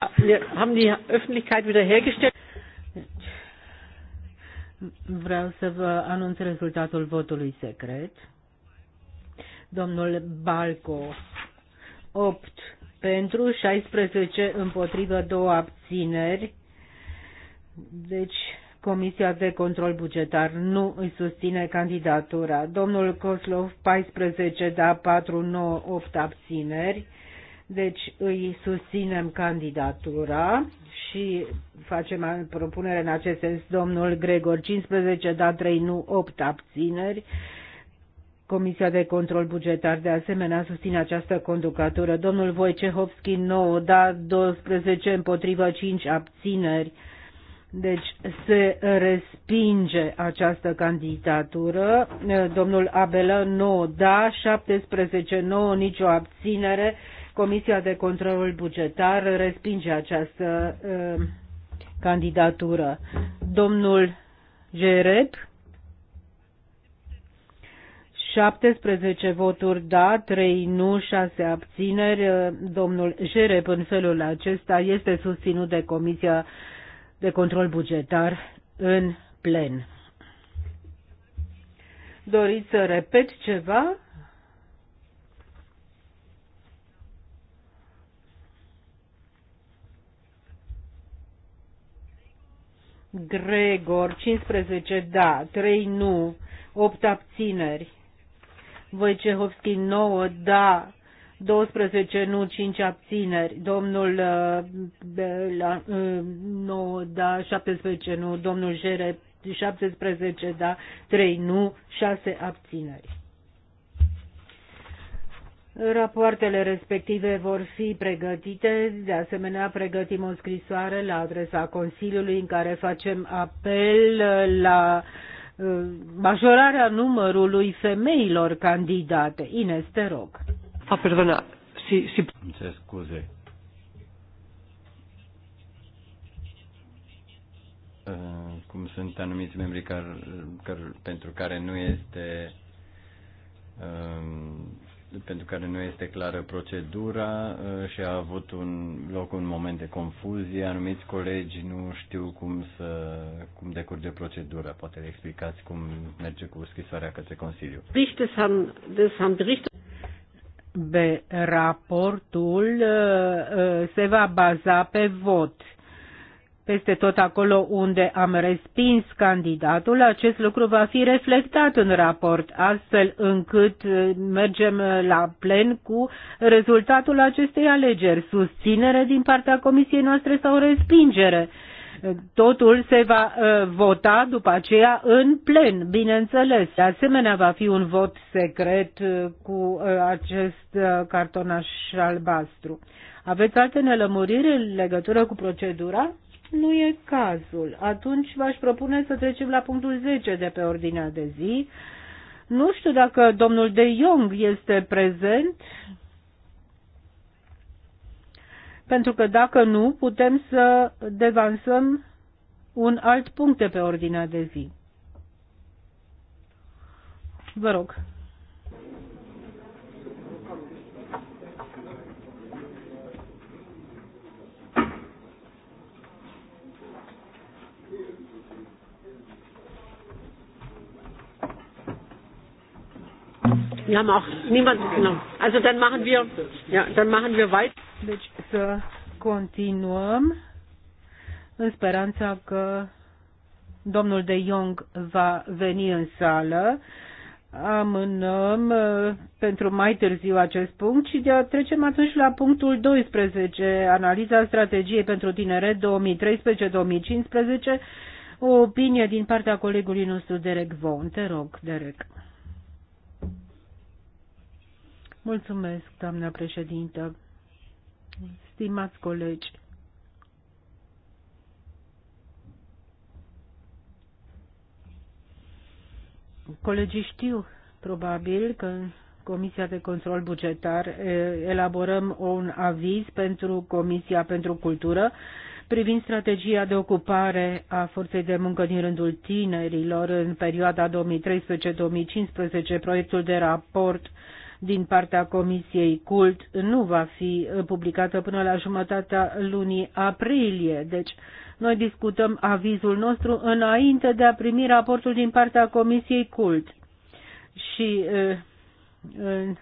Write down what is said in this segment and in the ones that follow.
Haben die Öffentlichkeit wiederhergestellt? Vreau să vă anunț rezultatul votului secret. Domnul Balco, 8 pentru, 16 împotrivă, 2 abțineri. Deci, Comisia de Control Bugetar nu îi susține candidatura. Domnul Coslov, 14, da, 4, 9, 8 abțineri. Deci îi susținem candidatura și facem propunere în acest sens domnul Gregor 15, da 3, nu 8 abțineri. Comisia de Control Bugetar de asemenea susține această conducătură. Domnul Voicehovski, 9, da 12 împotrivă 5 abțineri. Deci se respinge această candidatură. Domnul Abelă 9, da, 17, 9, nicio abținere. Comisia de Control Bugetar respinge această uh, candidatură. Domnul Gereb, 17 voturi da, 3 nu, 6 abțineri. Domnul Gereb în felul acesta este susținut de Comisia de Control Bugetar în plen. Doriți să repet ceva? Gregor, 15 da, 3 nu, 8 abțineri. Wojciechowski 9 da, 12 nu, 5 abțineri. Domnul uh, Bela, 9 uh, da, 17 nu, domnul Jere 17 da, 3 nu, 6 abțineri. Rapoartele respective vor fi pregătite, de asemenea pregătim o scrisoare la adresa Consiliului în care facem apel la uh, majorarea numărului femeilor candidate. Ines, te rog. A, perdona, si, si... Îmi cer scuze. Uh, cum sunt anumiți membri care, care, pentru care nu este um, pentru care nu este clară procedura uh, și a avut un loc un moment de confuzie. Anumiți colegi nu știu cum să cum decurge procedura. Poate le explicați cum merge cu scrisoarea către Consiliu. Be, raportul uh, uh, se va baza pe vot peste tot acolo unde am respins candidatul, acest lucru va fi reflectat în raport, astfel încât uh, mergem uh, la plen cu rezultatul acestei alegeri, susținere din partea comisiei noastre sau respingere. Totul se va uh, vota după aceea în plen, bineînțeles. De asemenea, va fi un vot secret cu acest cartonaș albastru. Aveți alte nelămuriri în legătură cu procedura? Nu e cazul. Atunci v-aș propune să trecem la punctul 10 de pe ordinea de zi. Nu știu dacă domnul de Jong este prezent, pentru că dacă nu, putem să devansăm un alt punct de pe ordinea de zi. Vă rog. Wir haben auch niemanden genommen. Also dann machen wir, ja, dann machen wir weiter. Deci în speranța că domnul de Jong va veni în sală. Amânăm uh, pentru mai târziu acest punct și de a trecem atunci la punctul 12, analiza strategiei pentru tinere 2013-2015, o opinie din partea colegului nostru Derek Vaughan. Te rog, Derek. Mulțumesc, doamna președintă. Stimați colegi, colegii știu probabil că în Comisia de Control Bugetar elaborăm un aviz pentru Comisia pentru Cultură privind strategia de ocupare a forței de muncă din rândul tinerilor în perioada 2013-2015, proiectul de raport din partea Comisiei Cult nu va fi uh, publicată până la jumătatea lunii aprilie. Deci, noi discutăm avizul nostru înainte de a primi raportul din partea Comisiei Cult. Și uh,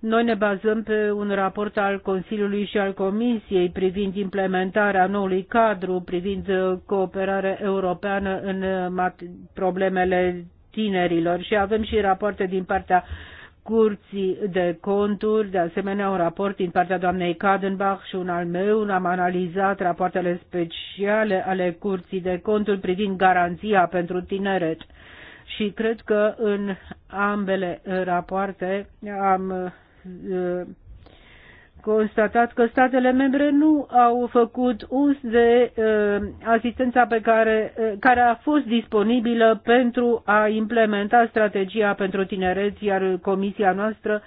noi ne bazăm pe un raport al Consiliului și al Comisiei privind implementarea noului cadru, privind cooperarea europeană în uh, problemele tinerilor și avem și rapoarte din partea curții de conturi, de asemenea un raport din partea doamnei Kadenbach și un al meu, am analizat rapoartele speciale ale curții de conturi privind garanția pentru tineret. Și cred că în ambele rapoarte am uh, constatat că statele membre nu au făcut uz de uh, asistența pe care, uh, care a fost disponibilă pentru a implementa strategia pentru tineret, iar comisia noastră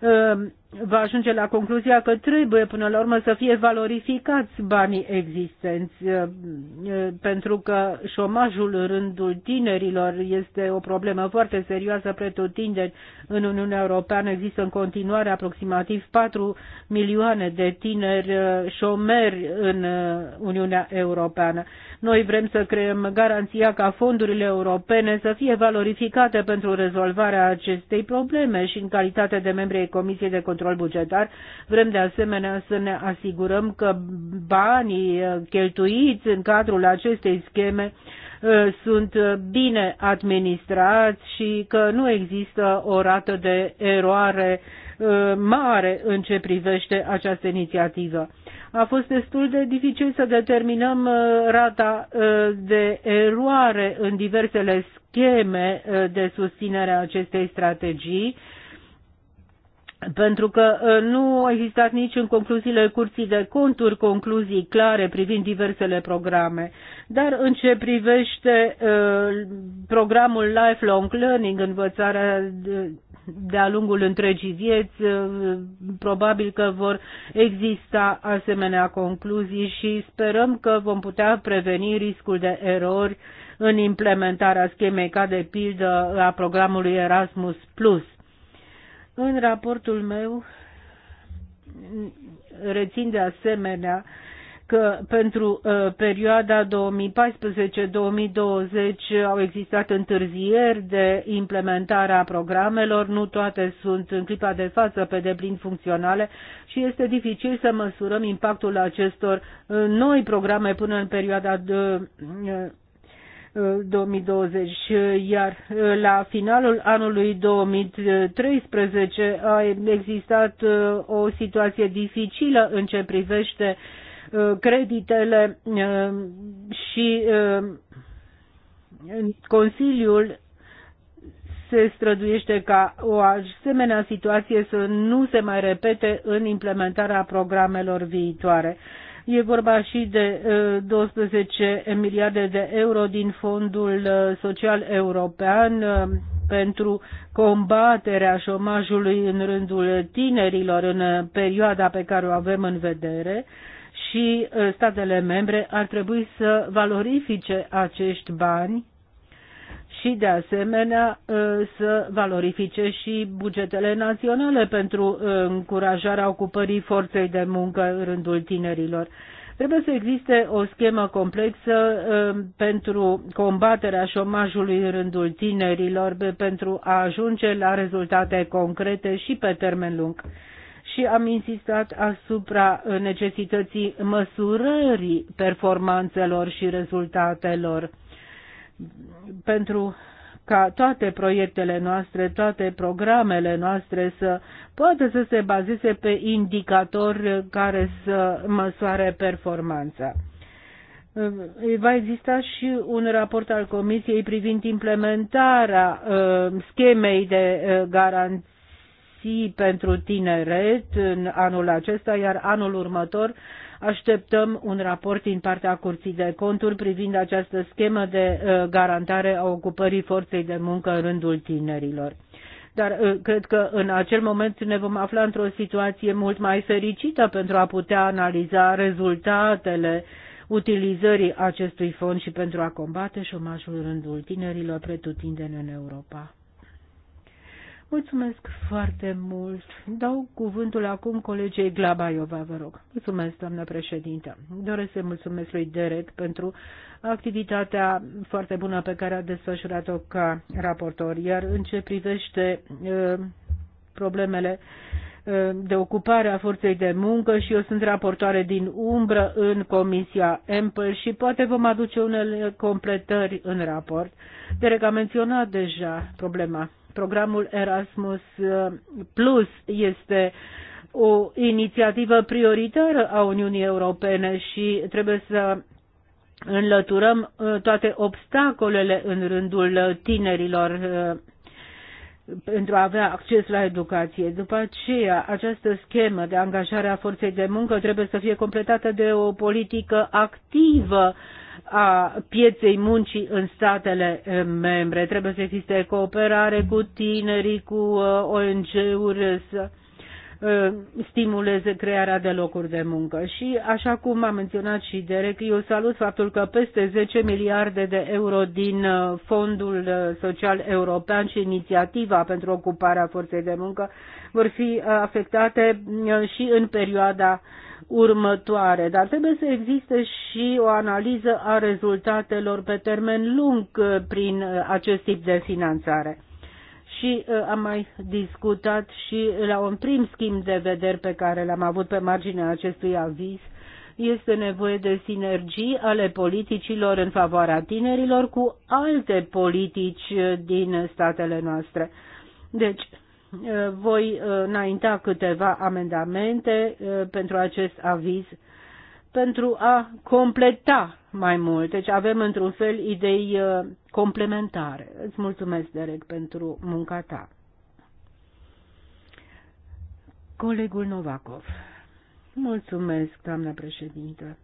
uh, va ajunge la concluzia că trebuie până la urmă să fie valorificați banii existenți, eh, eh, pentru că șomajul în rândul tinerilor este o problemă foarte serioasă pretutindeni. În Uniunea Europeană există în continuare aproximativ 4 milioane de tineri eh, șomeri în Uniunea Europeană. Noi vrem să creăm garanția ca fondurile europene să fie valorificate pentru rezolvarea acestei probleme și în calitate de membri ai Comisiei de Control control bugetar. Vrem de asemenea să ne asigurăm că banii uh, cheltuiți în cadrul acestei scheme uh, sunt uh, bine administrați și că nu există o rată de eroare mare în ce privește această inițiativă. A fost destul de dificil să determinăm rata de eroare în diversele scheme de susținere a acestei strategii pentru că uh, nu au existat nici în concluziile curții de conturi concluzii clare privind diversele programe. Dar în ce privește uh, programul Lifelong Learning, învățarea de-a lungul întregii vieți, uh, probabil că vor exista asemenea concluzii și sperăm că vom putea preveni riscul de erori în implementarea schemei ca de pildă a programului Erasmus+ în raportul meu rețin de asemenea că pentru uh, perioada 2014-2020 au existat întârzieri de implementare a programelor, nu toate sunt în clipa de față pe deplin funcționale și este dificil să măsurăm impactul acestor uh, noi programe până în perioada de, uh, 2020, iar uh, la finalul anului 2013 a existat uh, o situație dificilă în ce privește uh, creditele și Consiliul se străduiește ca o asemenea situație să nu se mai repete în implementarea programelor viitoare. E vorba și de 12 miliarde de euro din Fondul Social European pentru combaterea șomajului în rândul tinerilor în perioada pe care o avem în vedere și statele membre ar trebui să valorifice acești bani și de asemenea ă, să valorifice și bugetele naționale pentru ă, încurajarea ocupării forței de muncă în rândul tinerilor. Trebuie să existe o schemă complexă ă, pentru combaterea șomajului în rândul tinerilor, pentru a ajunge la rezultate concrete și pe termen lung și am insistat asupra necesității măsurării performanțelor și rezultatelor pentru ca toate proiectele noastre, toate programele noastre să poată să se bazeze pe indicatori care să măsoare performanța. Va exista și un raport al Comisiei privind implementarea uh, schemei de uh, garanție pentru tineret în anul acesta, iar anul următor Așteptăm un raport din partea Curții de Conturi privind această schemă de uh, garantare a ocupării forței de muncă în rândul tinerilor dar uh, cred că în acel moment ne vom afla într-o situație mult mai fericită pentru a putea analiza rezultatele utilizării acestui fond și pentru a combate șomajul rândul tinerilor pretutindeni în Europa. Mulțumesc foarte mult. Dau cuvântul acum colegei Glabaiova, vă rog. Mulțumesc, doamnă președintă. Doresc să mulțumesc lui Derek pentru activitatea foarte bună pe care a desfășurat-o ca raportor. Iar în ce privește uh, problemele uh, de ocupare a forței de muncă și eu sunt raportoare din umbră în Comisia Ample și poate vom aduce unele completări în raport. Derek a menționat deja problema Programul Erasmus uh, Plus este o inițiativă prioritară a Uniunii Europene și trebuie să înlăturăm uh, toate obstacolele în rândul uh, tinerilor pentru a avea acces la educație. După aceea, această schemă de angajare a forței de muncă trebuie să fie completată de o politică activă uh, a pieței muncii în statele eh, membre. Trebuie să existe cooperare cu tinerii, cu eh, ONG-uri, să eh, stimuleze crearea de locuri de muncă. Și, așa cum a menționat și Derek, eu salut faptul că peste 10 miliarde de euro din Fondul Social European și Inițiativa pentru Ocuparea Forței de Muncă vor fi afectate și în perioada următoare, dar trebuie să existe și o analiză a rezultatelor pe termen lung uh, prin uh, acest tip de finanțare. Și uh, am mai discutat și la un prim schimb de vederi pe care l-am avut pe marginea acestui aviz, este nevoie de sinergii ale politicilor în favoarea tinerilor cu alte politici din statele noastre. Deci, Eh, voi eh, înainta câteva amendamente eh, pentru acest aviz pentru a completa mai mult. Deci avem într-un fel idei complementare. Îți mulțumesc, Derek, pentru munca ta. Colegul Novakov. Mulțumesc, doamna președintă.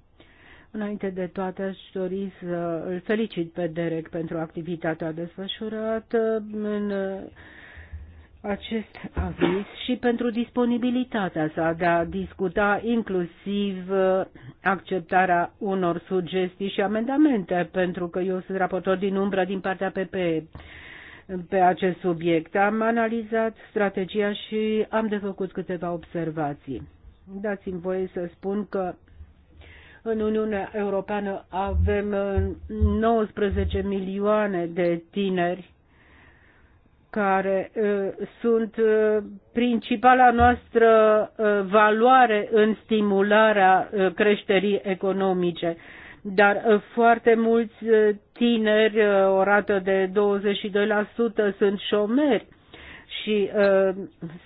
Înainte de toate, aș dori să îl felicit pe Derek pentru activitatea desfășurată în acest aviz și pentru disponibilitatea sa de a discuta inclusiv uh, acceptarea unor sugestii și amendamente, pentru că eu sunt raportor din umbră din partea PP pe acest subiect. Am analizat strategia și am de făcut câteva observații. Dați-mi voie să spun că în Uniunea Europeană avem 19 uh, milioane de tineri care uh, sunt uh, principala noastră uh, valoare în stimularea creșterii economice. Dar foarte mulți tineri, o rată de 22% sunt șomeri și uh,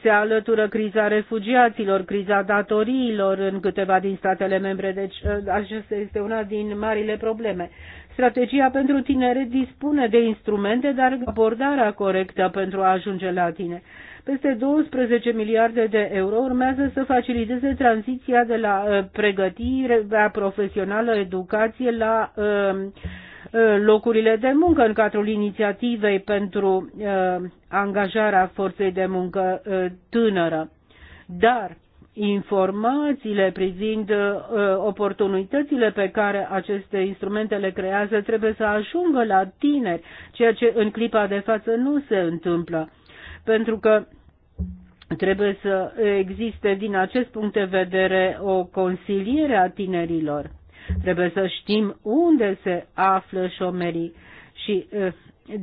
se alătură criza refugiaților, criza datoriilor în câteva din statele membre. Deci uh, acesta este una din marile probleme. Strategia pentru tinere dispune de instrumente, dar abordarea corectă pentru a ajunge la tine. Peste 12 miliarde de euro urmează să faciliteze tranziția de la uh, pregătirea profesională, educație la uh, uh, locurile de muncă în cadrul inițiativei pentru angajarea forței de muncă tânără. Dar informațiile privind uh, oportunitățile pe care aceste instrumente le creează trebuie să ajungă la tineri, ceea ce în clipa de față nu se întâmplă. Pentru că trebuie să existe din acest punct de vedere o consiliere a tinerilor. Trebuie să știm unde se află șomerii și uh,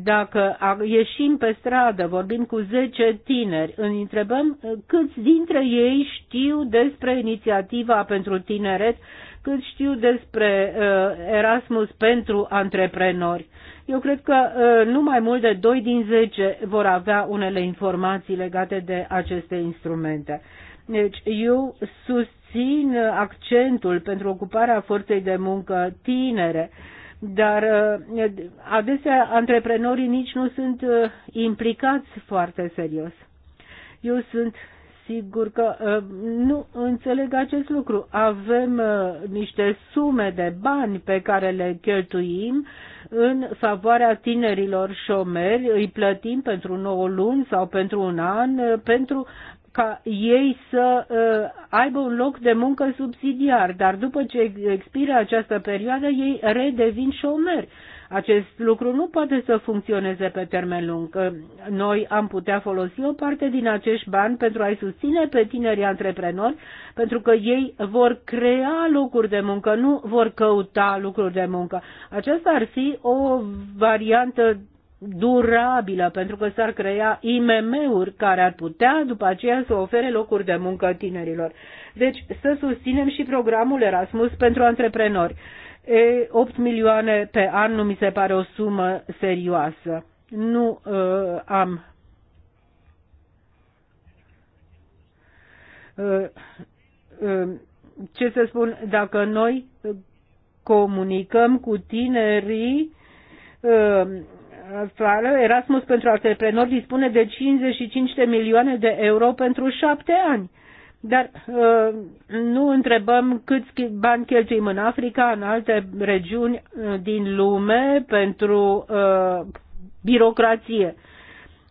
dacă ieșim pe stradă, vorbim cu 10 tineri, îi întrebăm uh, câți dintre ei știu despre inițiativa pentru tineret, cât știu despre uh, Erasmus pentru antreprenori. Eu cred că uh, nu mai mult de 2 din 10 vor avea unele informații legate de aceste instrumente. Deci eu susțin accentul pentru ocuparea forței de muncă tinere. Uh, dar uh, adesea antreprenorii nici nu sunt uh, implicați foarte serios. Eu sunt sigur că uh, nu înțeleg acest lucru. Avem niște sume de bani pe care le cheltuim în favoarea tinerilor șomeri, îi plătim pentru 9 luni sau pentru un an pentru ca ei să uh, aibă un loc de muncă subsidiar, dar după ce expiră această perioadă, ei redevin șomeri. Acest lucru nu poate să funcționeze pe termen lung. Noi am putea folosi o parte din acești bani pentru a-i susține pe tinerii antreprenori, pentru că ei vor crea locuri de muncă, nu vor căuta lucruri de muncă. Aceasta ar fi o variantă durabilă, pentru că s-ar crea IMM-uri care ar putea după aceea să ofere locuri de muncă tinerilor. Deci să susținem și programul Erasmus pentru antreprenori. E, 8 milioane pe an nu mi se pare o sumă serioasă. Nu uh, am. Uh, uh, ce să spun, dacă noi comunicăm cu tinerii, actuală, Erasmus pentru antreprenori dispune de 55 de milioane de euro pentru șapte ani. Dar uh, nu întrebăm câți bani cheltuim în Africa, în alte regiuni uh, din lume pentru uh, birocrație.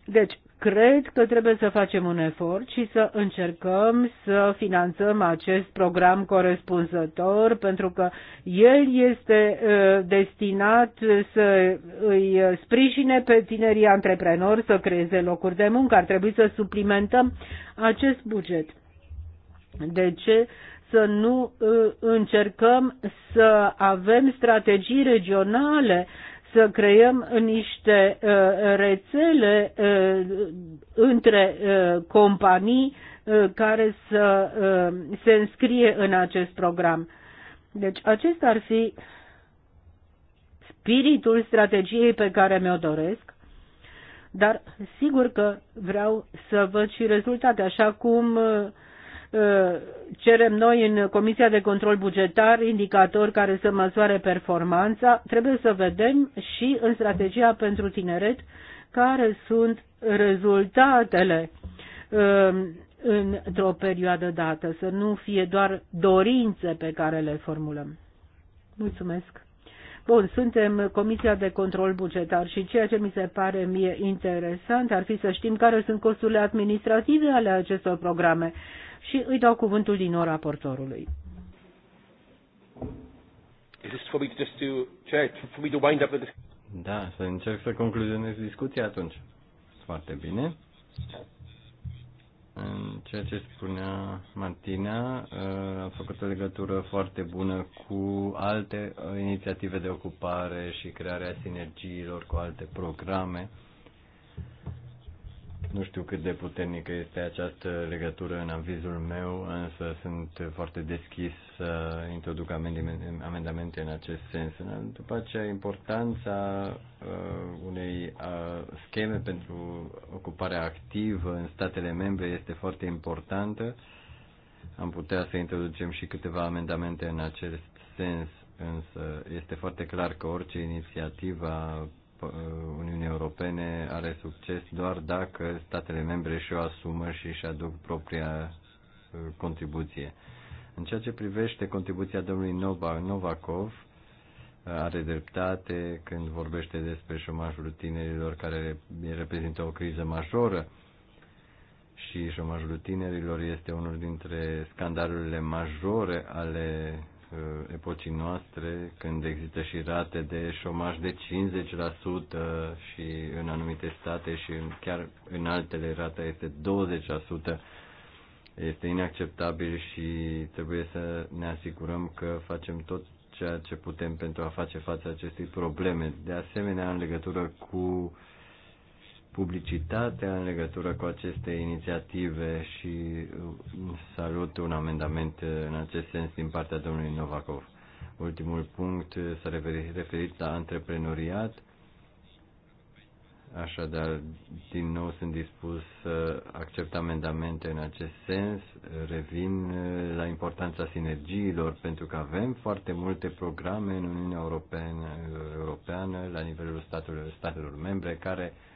Deci, cred că trebuie să facem un efort și să încercăm să finanțăm acest program corespunzător, pentru că el este uh, destinat să îi sprijine pe tinerii antreprenori să creeze locuri de muncă. Ar trebui să suplimentăm acest buget. De ce? să nu uh, încercăm să avem strategii regionale să creăm niște uh, rețele uh, între uh, companii care să se înscrie în acest program. Deci acesta ar fi spiritul strategiei pe care mi-o doresc, dar sigur că vreau să văd și rezultate, așa cum Uh, cerem noi în Comisia de Control Bugetar indicatori care să măsoare performanța, trebuie să vedem și în strategia pentru tineret care sunt rezultatele uh, într-o perioadă dată, să nu fie doar dorințe pe care le formulăm. Mulțumesc! Bun, suntem Comisia de Control Bugetar și ceea ce mi se pare mie interesant ar fi să știm care sunt costurile administrative ale acestor programe și îi dau cuvântul din nou raportorului. Da, să încerc să concluzionez discuția atunci. Foarte bine. În ceea ce spunea Martina, uh, a făcut o legătură foarte bună cu alte uh, inițiative de ocupare și crearea sinergiilor cu alte programe. Nu știu cât de puternică este această legătură în avizul meu, însă sunt foarte deschis să introduc amendamente în acest sens. După aceea, importanța uh, unei uh, scheme pentru ocuparea activă în statele membre este foarte importantă. Am putea să introducem și câteva amendamente în acest sens, însă este foarte clar că orice inițiativă Uh, Uniunii Europene are succes doar dacă statele membre și-o asumă și își aduc propria uh, contribuție. În ceea ce privește contribuția domnului Novakov, uh, are dreptate când vorbește despre șomajul tinerilor care reprezintă o criză majoră și șomajul tinerilor este unul dintre scandalurile majore ale Uh, epocii noastre, când există și rate de șomaj de 50% și în anumite state și chiar în altele rata este 20%, este inacceptabil și trebuie să ne asigurăm că facem tot ceea ce putem pentru a face față acestei probleme. De asemenea, în legătură cu uh, publicitatea în legătură cu aceste inițiative și uh, salut un amendament în acest sens din partea domnului Novakov. Ultimul punct uh, s-a referit la antreprenoriat. Așadar, din nou sunt dispus să accept amendamente în acest sens. Revin uh, la importanța sinergiilor, pentru că avem foarte multe programe în Uniunea Europeană, Europeană la nivelul statelor, statelor membre, care uh,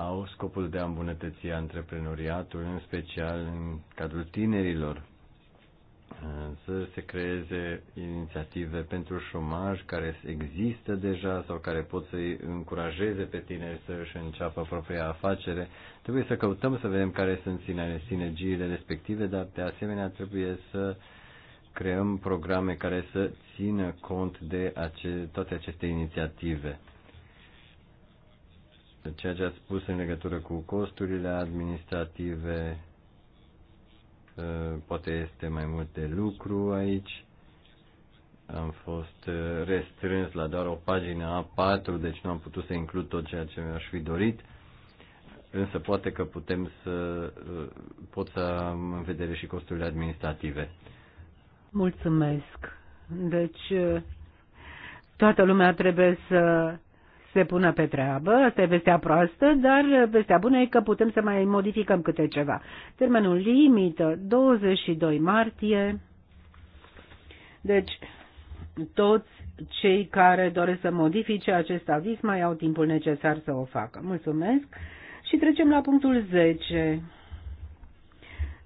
au scopul de a îmbunătăți antreprenoriatul, în special în cadrul tinerilor, să se creeze inițiative pentru șomaj care există deja sau care pot să-i încurajeze pe tineri să își înceapă propria afacere. Trebuie să căutăm să vedem care sunt sinergiile respective, dar de asemenea trebuie să creăm programe care să țină cont de ace- toate aceste inițiative ceea ce ați spus în legătură cu costurile administrative, ă, poate este mai mult de lucru aici. Am fost ă, restrâns la doar o pagină A4, deci nu am putut să includ tot ceea ce mi-aș fi dorit. Însă poate că putem să ă, pot să am în vedere și costurile administrative. Mulțumesc. Deci toată lumea trebuie să se pună pe treabă. Asta e vestea proastă, dar vestea bună e că putem să mai modificăm câte ceva. Termenul limită, 22 martie. Deci, toți cei care doresc să modifice acest aviz mai au timpul necesar să o facă. Mulțumesc și trecem la punctul 10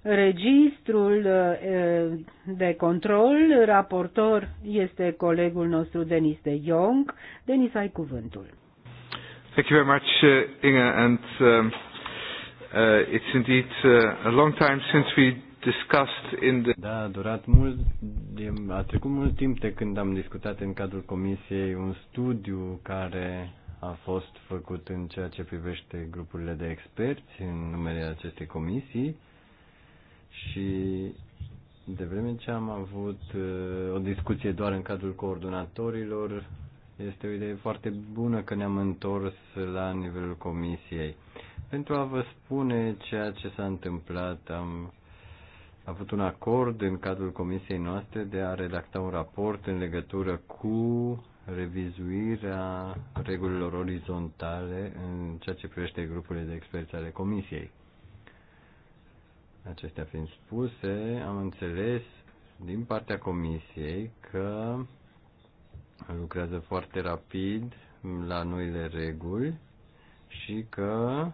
registrul uh, uh, de control. Raportor este colegul nostru Denis de Jong. Denis, ai cuvântul. Thank you very much, uh, Inge, and um, uh, it's indeed uh, a long time since we discussed in the... Da, a durat mult, a trecut mult timp de când am discutat în cadrul comisiei un studiu care a fost făcut în ceea ce privește grupurile de experți în numele acestei comisii și de vreme ce am avut uh, o discuție doar în cadrul coordonatorilor, este o idee foarte bună că ne-am întors la nivelul comisiei. Pentru a vă spune ceea ce s-a întâmplat, am avut un acord în cadrul comisiei noastre de a redacta un raport în legătură cu revizuirea regulilor orizontale în ceea ce privește grupurile de experți ale comisiei. Acestea fiind spuse, am înțeles din partea comisiei că lucrează foarte rapid la noile reguli și că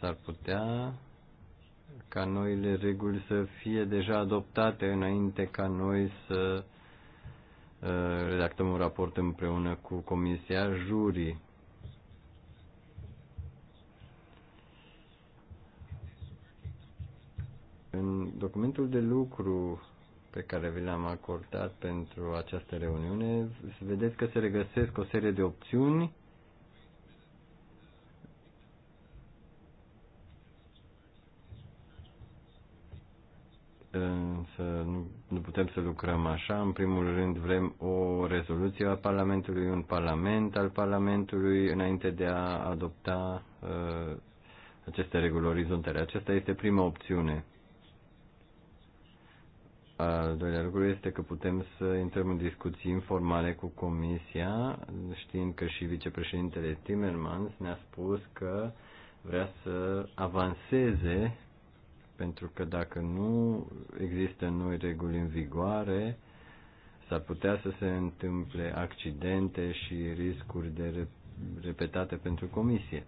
s-ar putea ca noile reguli să fie deja adoptate înainte ca noi să uh, redactăm un raport împreună cu Comisia Jurii. În documentul de lucru pe care vi l-am acordat pentru această reuniune, vedeți că se regăsesc o serie de opțiuni însă nu, nu putem să lucrăm așa. În primul rând vrem o rezoluție a Parlamentului, un parlament al Parlamentului înainte de a adopta uh, aceste reguli orizontale. Aceasta este prima opțiune. Al doilea lucru este că putem să intrăm în discuții informale cu Comisia, știind că și vicepreședintele Timmermans ne-a spus că vrea să avanseze, pentru că dacă nu există noi reguli în vigoare, s-ar putea să se întâmple accidente și riscuri de repetate pentru Comisie.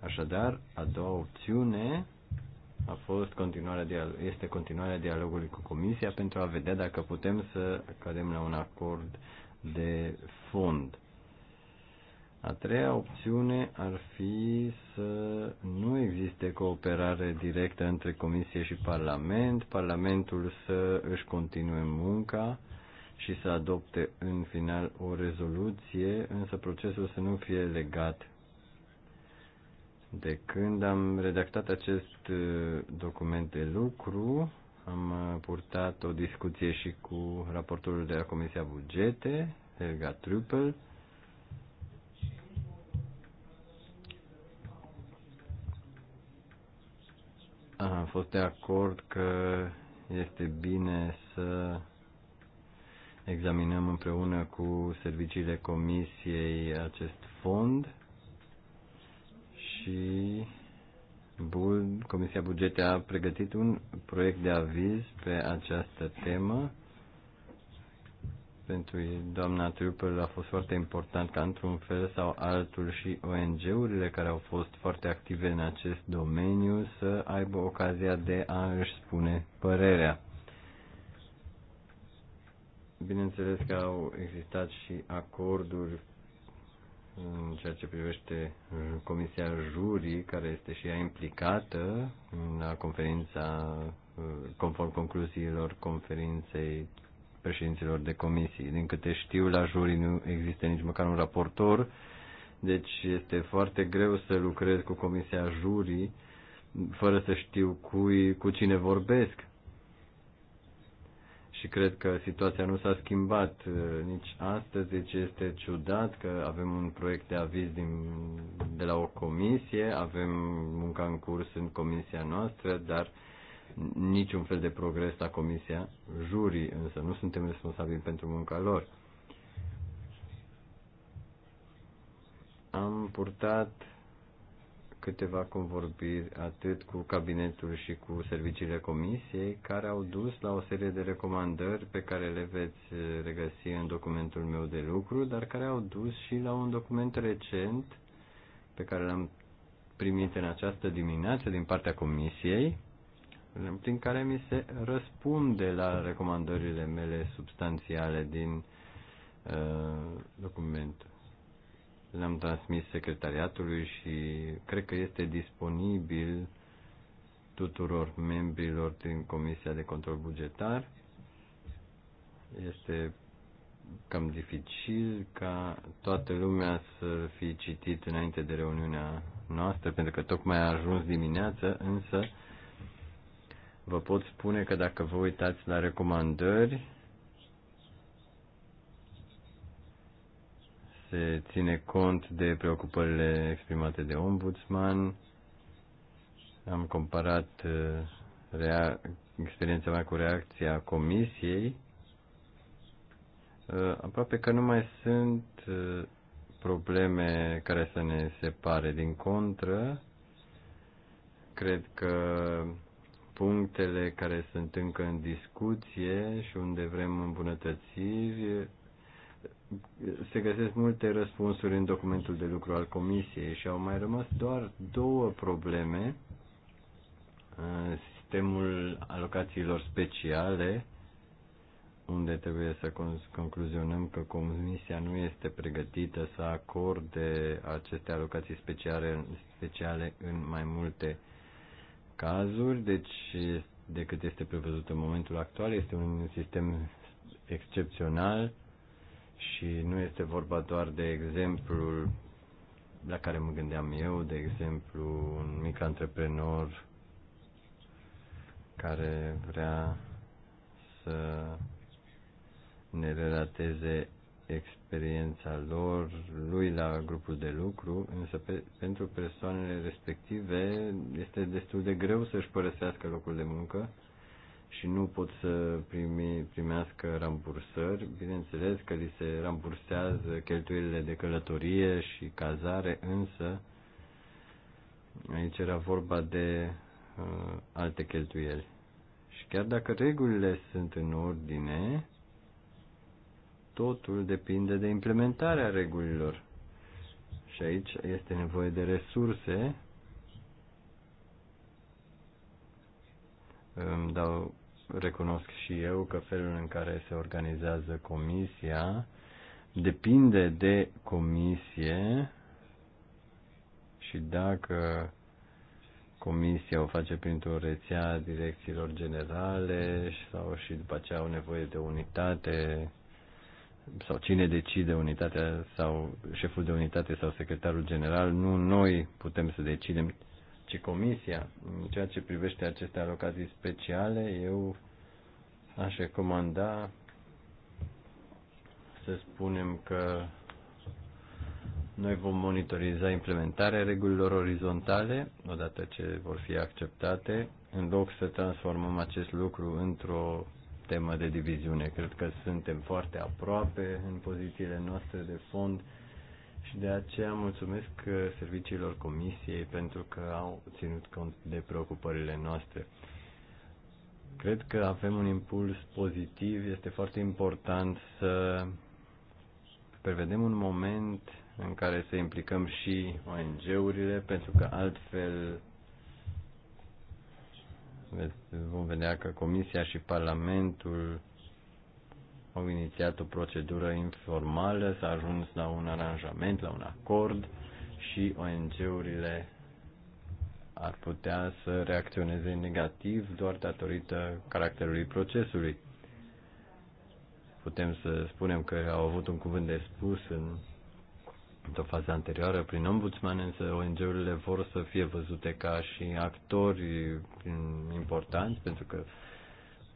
Așadar, a doua opțiune a fost continuarea, este continuarea dialogului cu Comisia pentru a vedea dacă putem să cădem la un acord de fond. A treia opțiune ar fi să nu existe cooperare directă între Comisie și Parlament, Parlamentul să își continue munca și să adopte în final o rezoluție, însă procesul să nu fie legat de când am redactat acest uh, document de lucru, am uh, purtat o discuție și cu raportorul de la Comisia Bugete, Helga Truppel, am fost de acord că este bine să examinăm împreună cu serviciile comisiei acest fond și Comisia Bugete a pregătit un proiect de aviz pe această temă. Pentru doamna Trupel a fost foarte important ca într-un fel sau altul și ONG-urile care au fost foarte active în acest domeniu să aibă ocazia de a își spune părerea. Bineînțeles că au existat și acorduri în ceea ce privește uh, Comisia Jurii, care este și ea implicată la uh, conferința, uh, conform concluziilor conferinței președinților de comisii. Din câte știu, la jurii nu există nici măcar un raportor, deci este foarte greu să lucrez cu Comisia Jurii fără să știu cui, cu cine vorbesc și cred că situația nu s-a schimbat uh, nici astăzi, deci este ciudat că avem un proiect de aviz din, de la o comisie, avem munca în curs în comisia noastră, dar niciun fel de progres la comisia jurii, însă nu suntem responsabili pentru munca lor. Am purtat câteva convorbiri atât cu cabinetul și cu serviciile comisiei, care au dus la o serie de recomandări pe care le veți eh, regăsi în documentul meu de lucru, dar care au dus și la un document recent pe care l-am primit în această dimineață din partea comisiei, prin care mi se răspunde la recomandările mele substanțiale din uh, eh, documentul le-am transmis secretariatului și cred că este disponibil tuturor membrilor din Comisia de Control Bugetar. Este cam dificil ca toată lumea să fi citit înainte de reuniunea noastră, pentru că tocmai a ajuns dimineață, însă vă pot spune că dacă vă uitați la recomandări, se ține cont de preocupările exprimate de ombudsman. Am comparat uh, rea- experiența mea cu reacția comisiei. Uh, aproape că nu mai sunt uh, probleme care să ne separe. Din contră, cred că punctele care sunt încă în discuție și unde vrem îmbunătățiri se găsesc multe răspunsuri în documentul de lucru al Comisiei și au mai rămas doar două probleme. Uh, sistemul alocațiilor speciale, unde trebuie să concluzionăm că Comisia nu este pregătită să acorde aceste alocații speciale, speciale în mai multe cazuri, deci decât este prevăzut în momentul actual, este un sistem excepțional și nu este vorba doar de exemplul la care mă gândeam eu, de exemplu, un mic antreprenor care vrea să ne relateze experiența lor, lui la grupul de lucru, însă pe, pentru persoanele respective este destul de greu să-și părăsească locul de muncă și nu pot să primi, primească rambursări, bineînțeles că li se rambursează cheltuielile de călătorie și cazare, însă aici era vorba de uh, alte cheltuieli. Și chiar dacă regulile sunt în ordine, totul depinde de implementarea regulilor. Și aici este nevoie de resurse. Îmi dau recunosc și eu că felul în care se organizează comisia depinde de comisie și dacă comisia o face printr-o rețea direcțiilor generale sau și după aceea au nevoie de unitate sau cine decide unitatea sau șeful de unitate sau secretarul general, nu noi putem să decidem ci Comisia. În ceea ce privește aceste alocații speciale, eu aș recomanda să spunem că noi vom monitoriza implementarea regulilor orizontale odată ce vor fi acceptate, în loc să transformăm acest lucru într-o temă de diviziune. Cred că suntem foarte aproape în pozițiile noastre de fond și de aceea mulțumesc uh, serviciilor comisiei pentru că au ținut cont de preocupările noastre. Cred că avem un impuls pozitiv, este foarte important să prevedem un moment în care să implicăm și ONG-urile, pentru că altfel vom vedea că Comisia și Parlamentul au inițiat o procedură informală, s-a ajuns la un aranjament, la un acord și ONG-urile ar putea să reacționeze negativ doar datorită caracterului procesului. Putem să spunem că au avut un cuvânt de spus în într-o fază anterioară prin ombudsman, însă ONG-urile vor să fie văzute ca și actori importanți pentru că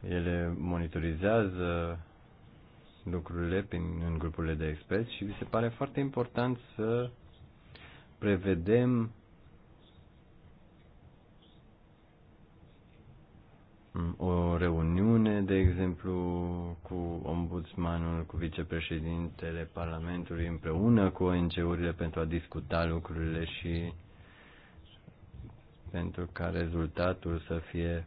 ele monitorizează lucrurile prin, în grupurile de experți și vi se pare foarte important să prevedem o reuniune, de exemplu, cu ombudsmanul, cu vicepreședintele Parlamentului, împreună cu ONG-urile pentru a discuta lucrurile și pentru ca rezultatul să fie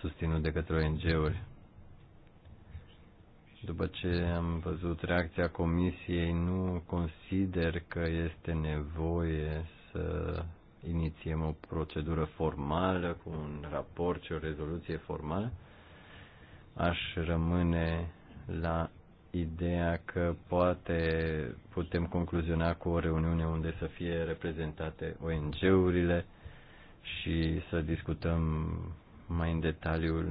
susținut de către ONG-uri. După ce am văzut reacția comisiei, nu consider că este nevoie să inițiem o procedură formală cu un raport și o rezoluție formală. Aș rămâne la ideea că poate putem concluziona cu o reuniune unde să fie reprezentate ONG-urile și să discutăm mai în detaliu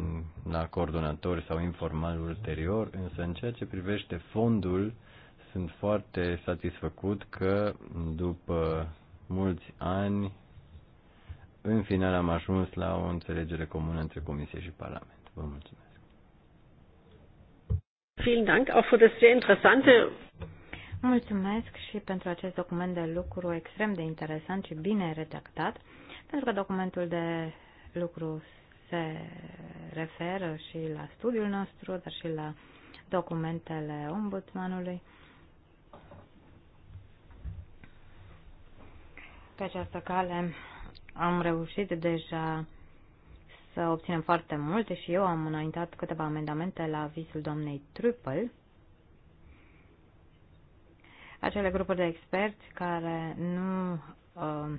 la coordonator sau informal ulterior, însă în ceea ce privește fondul, sunt foarte satisfăcut că după mulți ani, în final am ajuns la o înțelegere comună între Comisie și Parlament. Vă mulțumesc. Vielen Dank auch für das sehr interessante Mulțumesc și pentru acest document de lucru extrem de interesant și bine redactat, pentru că documentul de lucru se referă și la studiul nostru, dar și la documentele ombudsmanului. Pe această cale am reușit deja să obținem foarte multe și eu am înaintat câteva amendamente la visul doamnei Trupel. Acele grupuri de experți care nu uh,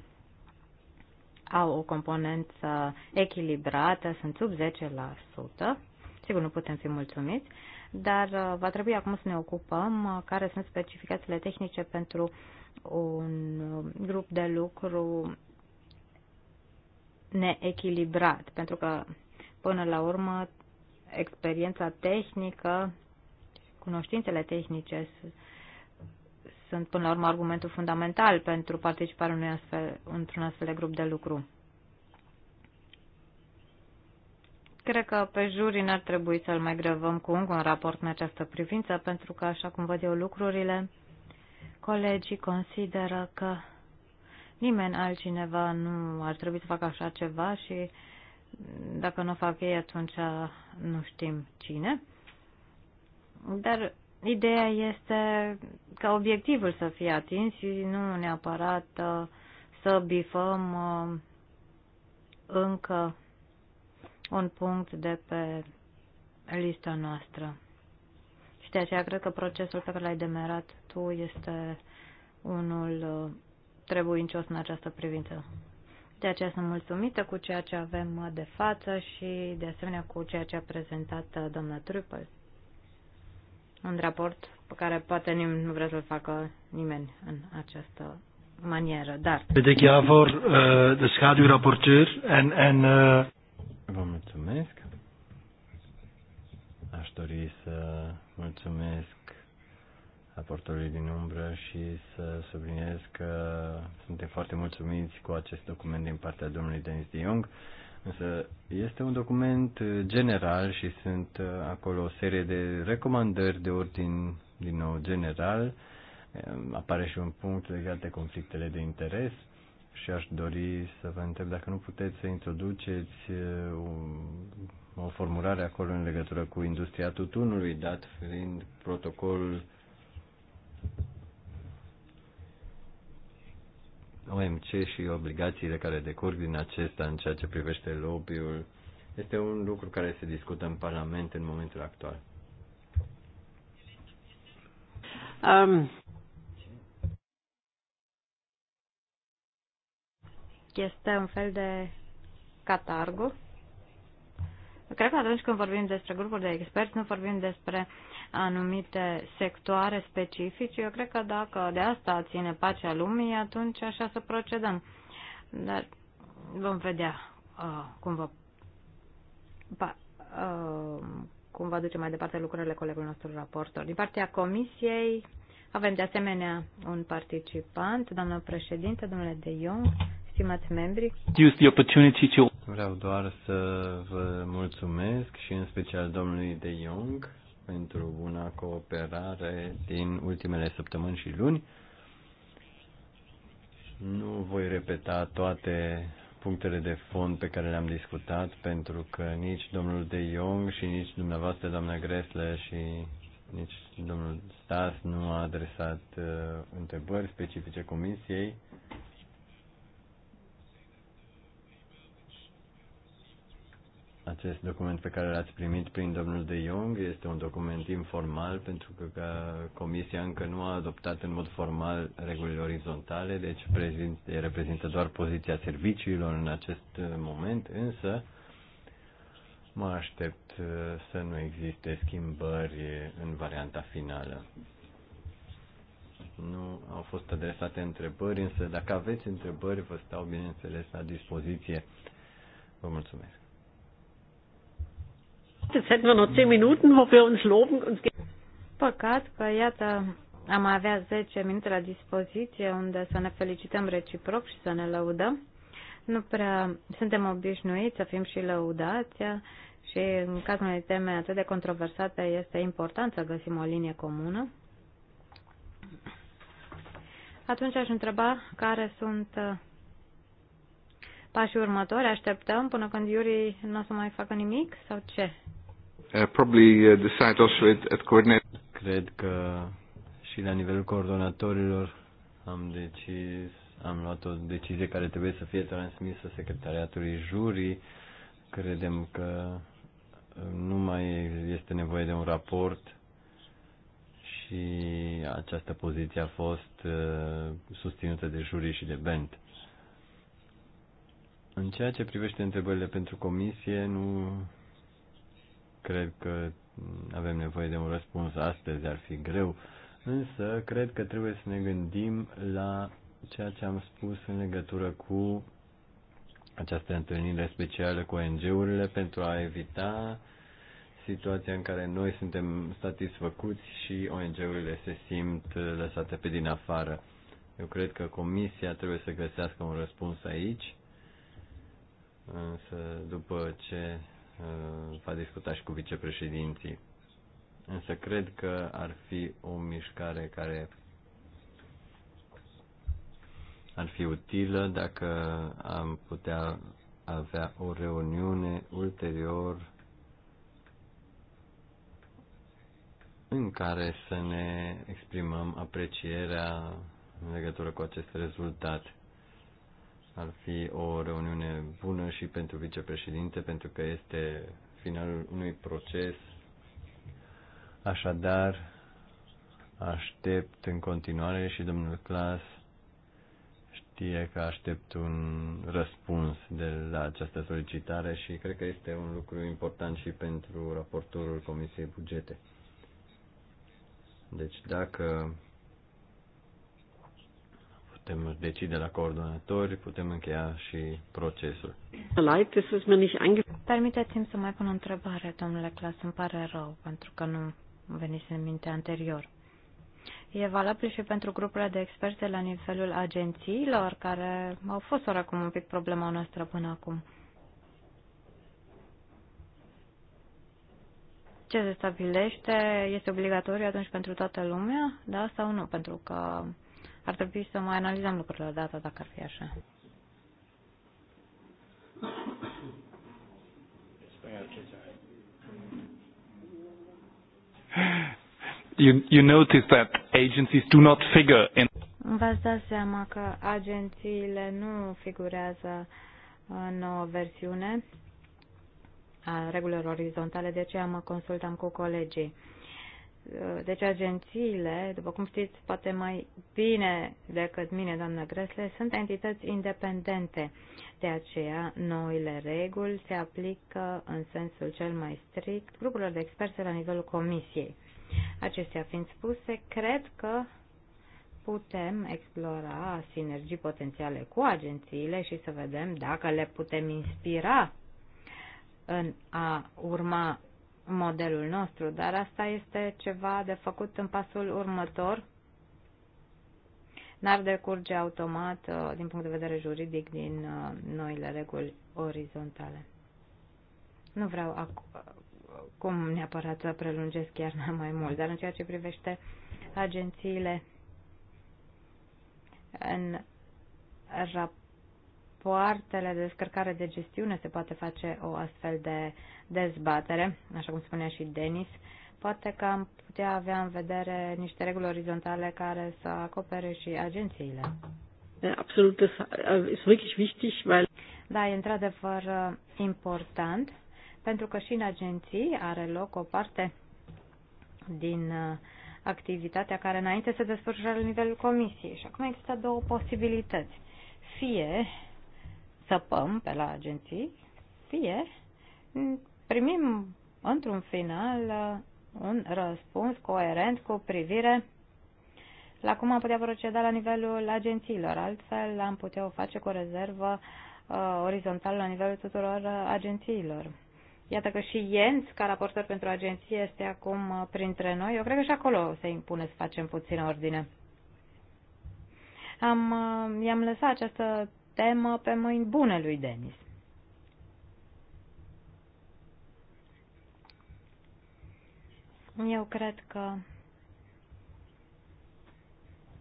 au o componență echilibrată, sunt sub 10%. Sigur, nu putem fi mulțumiți, dar uh, va trebui acum să ne ocupăm uh, care sunt specificațiile tehnice pentru un um, grup de lucru neechilibrat, pentru că până la urmă experiența tehnică, cunoștințele tehnice sunt până la urmă argumentul fundamental pentru participarea unui astfel, într-un astfel de grup de lucru. Cred că pe juri n-ar trebui să-l mai grevăm cu un raport în această privință, pentru că, așa cum văd eu lucrurile, colegii consideră că nimeni altcineva nu ar trebui să facă așa ceva și dacă nu fac ei, atunci nu știm cine. Dar Ideea este ca obiectivul să fie atins și nu neapărat uh, să bifăm uh, încă un punct de pe lista noastră. Și de aceea cred că procesul pe care l-ai demerat tu este unul uh, trebuincios în această privință. De aceea sunt mulțumită cu ceea ce avem de față și de asemenea cu ceea ce a prezentat doamna Trupel un raport pe care poate nim, nu vrea să-l facă nimeni în această manieră, dar... Vedec ja uh, de schaduw raporteur en... en uh, Vă mulțumesc. Aș dori să mulțumesc raportorului din umbră și să subliniez că suntem foarte mulțumiți cu acest document din partea domnului Denis de Jong. Însă este un document uh, general și sunt uh, acolo o serie de recomandări de ordin din nou general. Ehm, apare și un punct legat de conflictele de interes și aș dori să vă întreb dacă nu puteți să introduceți uh, o, formulare acolo în legătură cu industria tutunului, dat fiind protocolul OMC și obligațiile care decurg din acesta în ceea ce privește lobby-ul este un lucru care se discută în Parlament în momentul actual. Um, este un fel de catargo. Cred că atunci când vorbim despre grupuri de experți, nu vorbim despre anumite sectoare specifice. Eu cred că dacă de asta ține pacea lumii, atunci așa să procedăm. Dar vom vedea uh, cum vă pa, uh, cum va duce mai departe lucrurile colegul nostru raportor. Din partea comisiei avem de asemenea un participant, doamnă președinte, domnule De Jong, stimați membri. Vreau doar să vă mulțumesc și în special domnului De Jong pentru buna cooperare din ultimele săptămâni și luni. Nu voi repeta toate punctele de fond pe care le-am discutat, pentru că nici domnul De Jong și nici dumneavoastră, doamna Gresle și nici domnul Stas nu a adresat uh, întrebări specifice comisiei. Acest document pe care l-ați primit prin domnul de Jong este un document informal pentru că Comisia încă nu a adoptat în mod formal regulile orizontale, deci reprezintă doar poziția serviciilor în acest uh, moment, însă mă aștept uh, să nu existe schimbări în varianta finală. Nu au fost adresate întrebări, însă dacă aveți întrebări, vă stau bineînțeles la dispoziție. Vă mulțumesc. Jetzt hätten wir noch zehn Minuten, wo wir uns loben. Uns Păcat că, iată, am avea 10 minute la dispoziție unde să ne felicităm reciproc și să ne lăudăm. Nu prea suntem obișnuiți să fim și lăudați și în cazul unei teme atât de controversate este important să găsim o linie comună. Atunci aș întreba care sunt uh, pașii următori. Așteptăm până când Iurii nu o să mai facă nimic sau ce? Uh, probably uh, decide also at, at coordinate. Cred că și la nivelul coordonatorilor am decis, am luat o decizie care trebuie să fie transmisă secretariatului jurii. Credem că uh, nu mai este nevoie de un raport și această poziție a fost susținută de jurii și de Bent. În ceea ce privește întrebările pentru comisie, nu cred că avem nevoie de un răspuns astăzi, ar fi greu, însă cred că trebuie să ne gândim la ceea ce am spus în legătură cu această întâlnire specială cu ONG-urile pentru a evita situația în care noi suntem satisfăcuți și ONG-urile se simt lăsate pe din afară. Eu cred că comisia trebuie să găsească un răspuns aici, însă după ce Eh, va discuta și cu vicepreședinții. Însă cred că ar fi o mișcare care ar fi utilă dacă am putea avea o reuniune ulterior în care să ne exprimăm aprecierea în legătură cu acest rezultat ar fi o reuniune bună și pentru vicepreședinte, pentru că este finalul unui proces. Așadar, aștept în continuare și domnul Clas știe că aștept un răspuns de la această solicitare și cred că este un lucru important și pentru raportorul Comisiei Bugete. Deci dacă putem decide la coordonatori, putem încheia și procesul. Permiteți-mi să mai pun o întrebare, domnule Clas, îmi pare rău, pentru că nu venise în minte anterior. E valabil și pentru grupurile de experți la nivelul agențiilor, care au fost oricum un pic problema noastră până acum. Ce se stabilește? Este obligatoriu atunci pentru toată lumea, da sau nu? Pentru că ar trebui să mai analizăm lucrurile odată dacă ar fi așa. You, you notice that agencies do not figure in V-ați dat seama că agențiile nu figurează în o versiune a regulilor orizontale, de aceea mă consultam cu colegii. Eh, deci agențiile, după cum știți, poate mai bine decât mine, doamnă Gresle, sunt entități independente. De aceea, noile reguli se aplică în sensul cel mai strict grupurilor de experți la nivelul comisiei. Acestea fiind spuse, cred că putem explora sinergii potențiale cu agențiile și să vedem dacă le putem inspira în a urma modelul nostru, dar asta este ceva de făcut în pasul următor. N-ar decurge automat, uh, din punct de vedere juridic, din uh, noile reguli orizontale. Nu vreau acum neapărat să prelungesc chiar mai mult, dar în ceea ce privește agențiile în rap poartele de descărcare de gestiune se poate face o astfel de dezbatere, așa cum spunea și Denis. Poate că am putea avea în vedere niște reguli orizontale care să acopere și agențiile. Absolut, este wirklich wichtig, weil... Da, e într-adevăr uh, important, pentru că și în agenții are loc o parte din uh, activitatea care înainte se desfășura la nivelul comisiei. Și acum există două posibilități. Fie săpăm pe la agenții, fie primim într-un final uh, un răspuns coerent cu privire la cum am putea proceda la nivelul agențiilor. Altfel am putea o face cu o rezervă uh, orizontală la nivelul tuturor uh, agențiilor. Iată că și Jens, ca raportor pentru agenție, este acum uh, printre noi. Eu cred că și acolo se impune să facem puțină ordine. Am, uh, i-am lăsat această temă pe mâini bune lui Denis. Eu cred că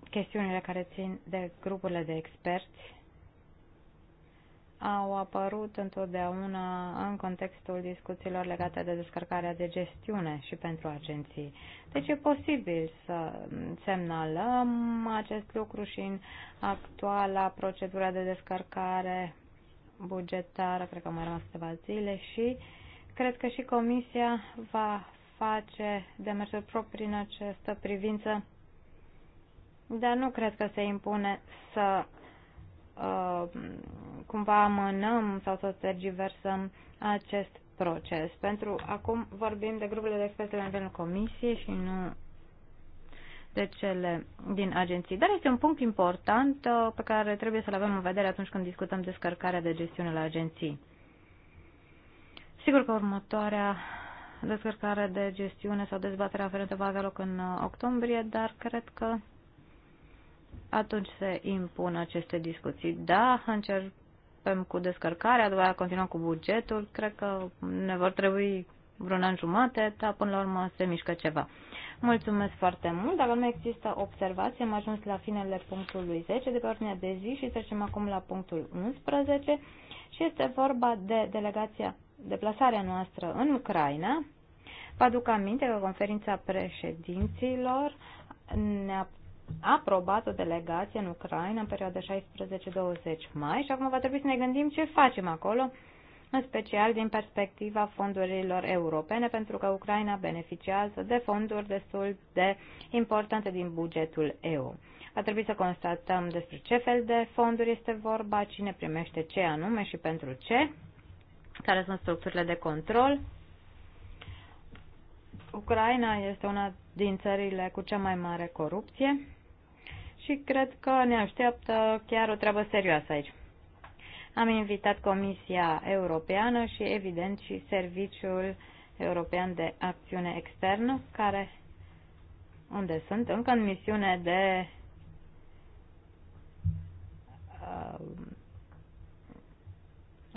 chestiunile care țin de grupurile de experți au apărut întotdeauna în contextul discuțiilor legate de descărcarea de gestiune și pentru agenții. Deci e posibil să semnalăm acest lucru și în actuala procedură de descărcare bugetară, cred că mai rămas câteva zile și cred că și Comisia va face demersuri proprii în această privință, dar nu cred că se impune să Uh, cumva amânăm sau să tergiversăm acest proces. Pentru acum vorbim de grupurile de experți la nivelul comisiei și nu de cele din agenții. Dar este un punct important uh, pe care trebuie să-l avem în vedere atunci când discutăm descărcarea de gestiune la agenții. Sigur că următoarea descărcare de gestiune sau dezbaterea aferentă va avea loc în uh, octombrie, dar cred că atunci se impun aceste discuții. Da, începem cu descărcarea, după aia continuăm cu bugetul, cred că ne vor trebui vreun an jumate, dar până la urmă se mișcă ceva. Mulțumesc foarte mult. Dacă nu există observații, am ajuns la finele punctului 10 de pe ordinea de zi și trecem acum la punctul 11 și este vorba de delegația, deplasarea noastră în Ucraina. Vă aduc aminte că conferința președinților ne-a aprobat o delegație în Ucraina în perioada 16-20 mai și acum va trebui să ne gândim ce facem acolo, în special din perspectiva fondurilor europene, pentru că Ucraina beneficiază de fonduri destul de importante din bugetul EU. Va trebui să constatăm despre ce fel de fonduri este vorba, cine primește ce anume și pentru ce, care sunt structurile de control. Ucraina este una din țările cu cea mai mare corupție și cred că ne așteaptă chiar o treabă serioasă aici. Am invitat Comisia Europeană și, evident, și Serviciul European de Acțiune Externă, care unde sunt încă în misiune de uh,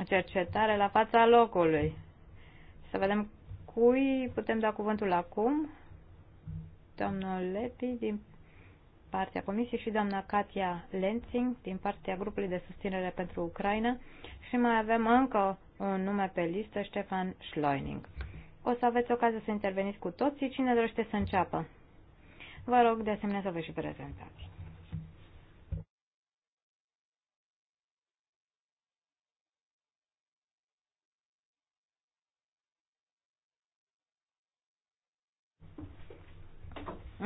cercetare la fața locului. Să vedem cui putem da cuvântul acum. Domnul Lepi din partea Comisiei și doamna Katia Lenzing din partea grupului de susținere pentru Ucraina și mai avem încă un nume pe listă, Ștefan Schleining. O să aveți ocazia să interveniți cu toții. Cine dorește să înceapă? Vă rog de asemenea să vă și prezentați.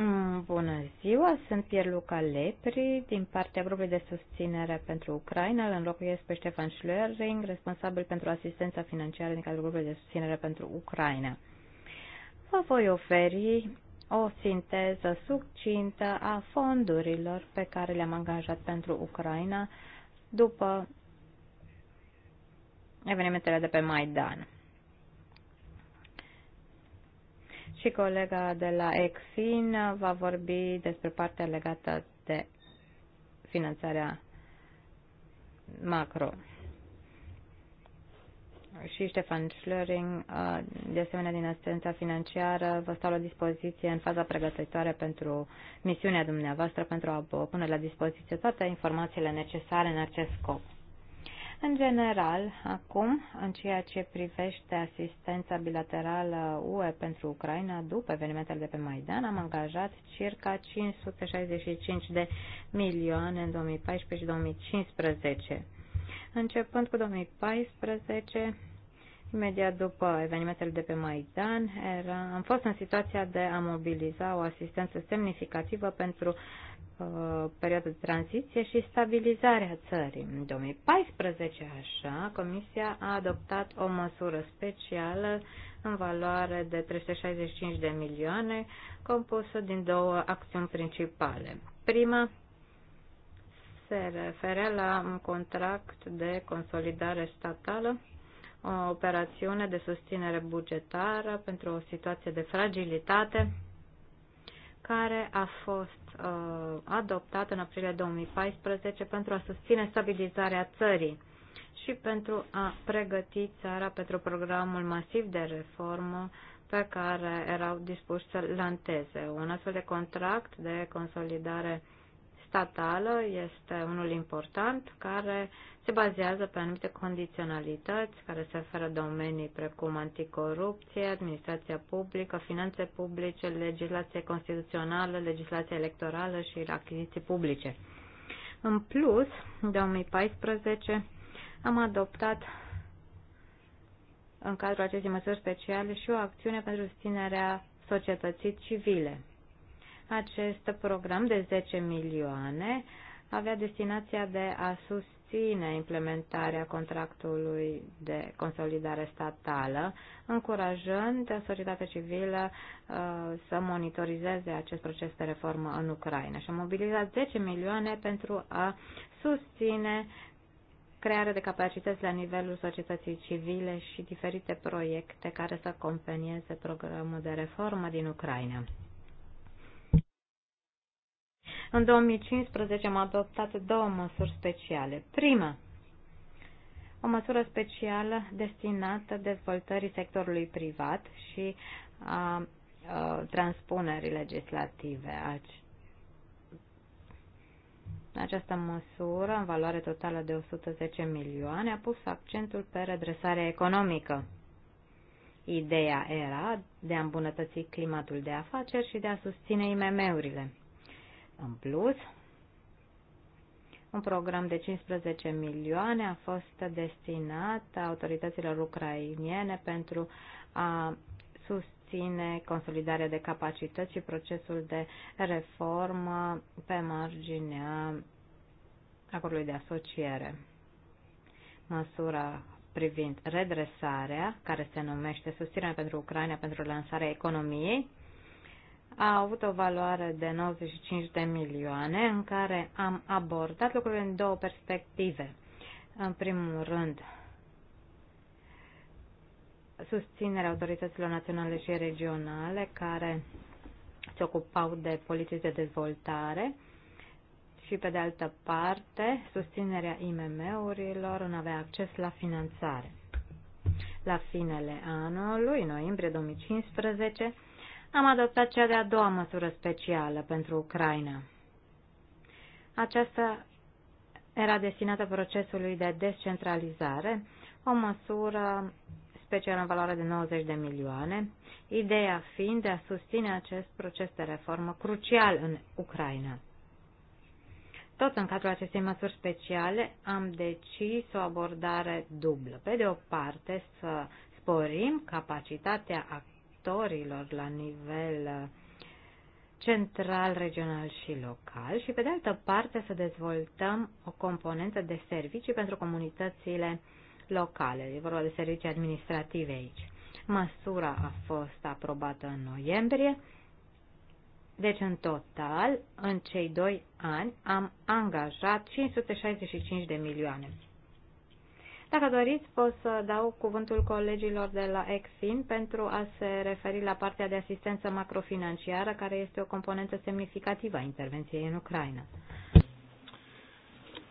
Mm, bună ziua, sunt Pierluca Lepri din partea grupului de susținere pentru Ucraina. Îl înlocuiesc pe Ștefan Schlering, responsabil pentru asistența financiară din cadrul grupului de susținere pentru Ucraina. Vă voi oferi o sinteză succintă a fondurilor pe care le-am angajat pentru Ucraina după evenimentele de pe Maidan. și colega de la Exin va vorbi despre partea legată de finanțarea macro. Și Ștefan Schlöring, de asemenea din asistența financiară, vă stau la dispoziție în faza pregătitoare pentru misiunea dumneavoastră pentru a pune la dispoziție toate informațiile necesare în acest scop. În general, acum, în ceea ce privește asistența bilaterală UE pentru Ucraina, după evenimentele de pe Maidan, am angajat circa 565 de milioane în 2014 și 2015. Începând cu 2014, imediat după evenimentele de pe Maidan, era, am fost în situația de a mobiliza o asistență semnificativă pentru Uh, perioadă de tranziție și stabilizarea țării. În 2014, așa, Comisia a adoptat o măsură specială în valoare de 365 de milioane, compusă din două acțiuni principale. Prima se referea la un contract de consolidare statală, o operațiune de susținere bugetară pentru o situație de fragilitate care a fost uh, adoptat în aprilie 2014 pentru a susține stabilizarea țării și pentru a pregăti țara pentru programul masiv de reformă pe care erau dispuși să-l lanteze. Un astfel de contract de consolidare statală este unul important care se bazează pe anumite condiționalități care se oferă domenii precum anticorupție, administrația publică, finanțe publice, legislație constituțională, legislație electorală și achiziții publice. În plus, în 2014 am adoptat în cadrul acestei măsuri speciale și o acțiune pentru susținerea societății civile. Acest program de 10 milioane avea destinația de a susține implementarea contractului de consolidare statală, încurajând societatea civilă uh, să monitorizeze acest proces de reformă în Ucraina și a mobilizat 10 milioane pentru a susține crearea de capacități la nivelul societății civile și diferite proiecte care să compenieze programul de reformă din Ucraina. În 2015 am adoptat două măsuri speciale. Prima, o măsură specială destinată dezvoltării sectorului privat și a, a transpunerii legislative. Această măsură, în valoare totală de 110 milioane, a pus accentul pe redresarea economică. Ideea era de a îmbunătăți climatul de afaceri și de a susține IMM-urile în plus. Un program de 15 milioane a fost destinat autorităților ucrainiene pentru a susține consolidarea de capacități și procesul de reformă pe marginea acordului de asociere. Măsura privind redresarea, care se numește Susținere pentru Ucraina pentru lansarea economiei, a avut o valoare de 95 de milioane în care am abordat lucrurile în două perspective. În primul rând, susținerea autorităților naționale și regionale care se ocupau de politici de dezvoltare și, pe de altă parte, susținerea IMM-urilor în a avea acces la finanțare. La finele anului, noiembrie 2015, am adoptat cea de-a doua măsură specială pentru Ucraina. Aceasta era destinată procesului de descentralizare, o măsură specială în valoare de 90 de milioane, ideea fiind de a susține acest proces de reformă crucial în Ucraina. Tot în cadrul acestei măsuri speciale am decis o abordare dublă. Pe de o parte să sporim capacitatea actorilor la nivel uh, central, regional și local și, pe de altă parte, să dezvoltăm o componentă de servicii pentru comunitățile locale. E vorba de servicii administrative aici. Măsura a fost aprobată în noiembrie, deci, în total, în cei doi ani, am angajat 565 de milioane. Dacă doriți, pot să dau cuvântul colegilor de la Exim pentru a se referi la partea de asistență macrofinanciară, care este o componentă semnificativă a intervenției în Ucraina.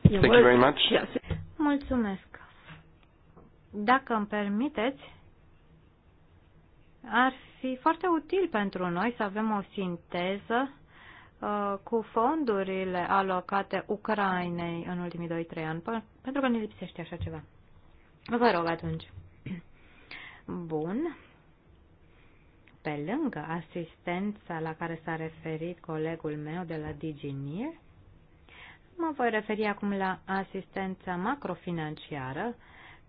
Thank you very much. Mulțumesc. Dacă îmi permiteți, ar fi foarte util pentru noi să avem o sinteză uh, cu fondurile alocate Ucrainei în ultimii 2-3 ani, pentru că ne lipsește așa ceva. Vă rog atunci. Bun. Pe lângă asistența la care s-a referit colegul meu de la Diginir, mă voi referi acum la asistența macrofinanciară,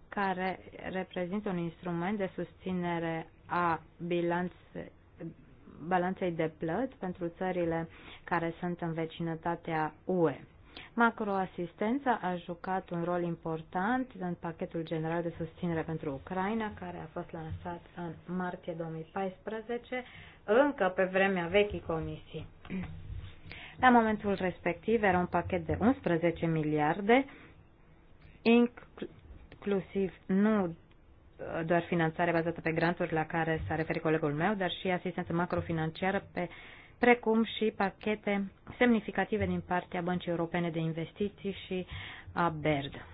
care reprezintă un instrument de susținere a bilanț, balanței de plăți pentru țările care sunt în vecinătatea UE. Macroasistența a jucat un rol important în pachetul general de susținere pentru Ucraina, care a fost lansat în martie 2014, încă pe vremea vechii comisii. La momentul respectiv era un pachet de 11 miliarde, inclusiv nu doar finanțare bazată pe granturi la care s-a referit colegul meu, dar și asistență macrofinanciară pe precum și pachete semnificative din partea Băncii Europene de Investiții și a BERD.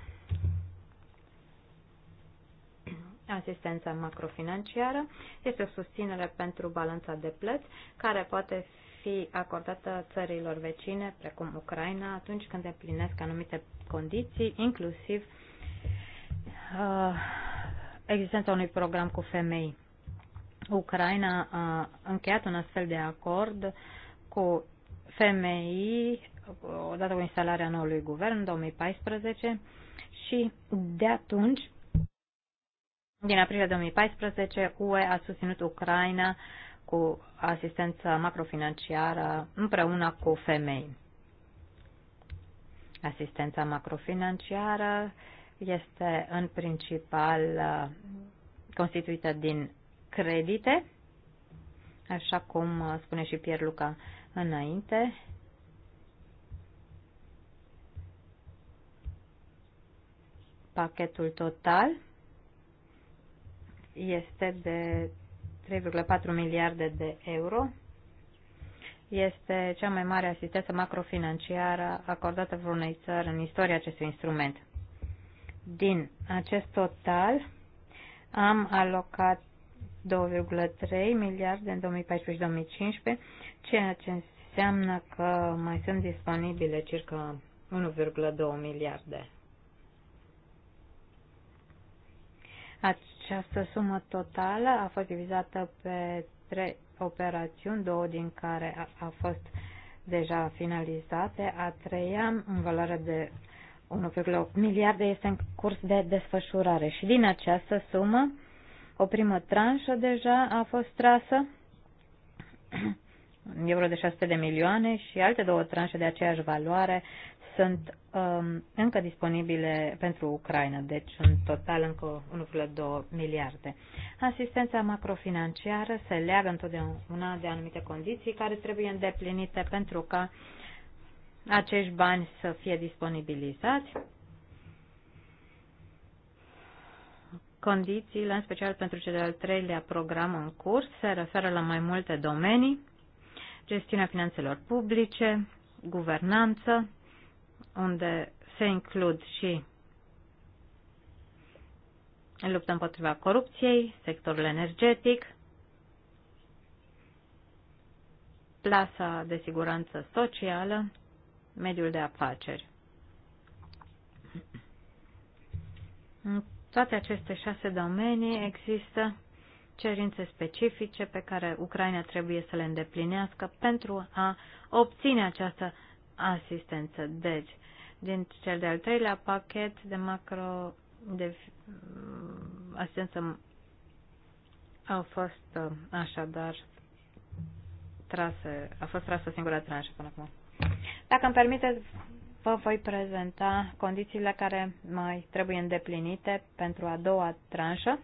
Asistența macrofinanciară este o susținere pentru balanța de plăți care poate fi acordată țărilor vecine, precum Ucraina, atunci când împlinesc anumite condiții, inclusiv uh, existența unui program cu femei. Ucraina a încheiat un astfel de acord cu FMI odată cu instalarea noului guvern în 2014 și de atunci, din aprilie 2014, UE a susținut Ucraina cu asistență macrofinanciară împreună cu femei. Asistența macrofinanciară este în principal uh, constituită din credite, așa cum uh, spune și Pierluca Luca înainte. Pachetul total este de 3,4 miliarde de euro. Este cea mai mare asistență macrofinanciară acordată vreunei țări în istoria acestui instrument. Din acest total am alocat 2,3 miliarde în 2014-2015, ceea ce înseamnă că mai sunt disponibile circa 1,2 miliarde. Această sumă totală a fost divizată pe trei operațiuni, două din care a, a fost deja finalizate, a treia în valoare de 1,8 miliarde este în curs de desfășurare și din această sumă o primă tranșă deja a fost trasă, euro de 600 de milioane și alte două tranșe de aceeași valoare sunt um, încă disponibile pentru Ucraina, deci în total încă 1,2 miliarde. Asistența macrofinanciară se leagă întotdeauna de anumite condiții care trebuie îndeplinite pentru ca acești bani să fie disponibilizați Condițiile, în special pentru cel de-al treilea program în curs, se referă la mai multe domenii, gestiunea finanțelor publice, guvernanță, unde se includ și lupta împotriva corupției, sectorul energetic, plasa de siguranță socială, mediul de afaceri toate aceste șase domenii există cerințe specifice pe care Ucraina trebuie să le îndeplinească pentru a obține această asistență. Deci, din cel de-al treilea pachet de macro de mm, asistență au fost uh, așadar trase, a fost trasă singura tranșă până acum. Dacă îmi permiteți, vă voi prezenta condițiile care mai trebuie îndeplinite pentru a doua tranșă.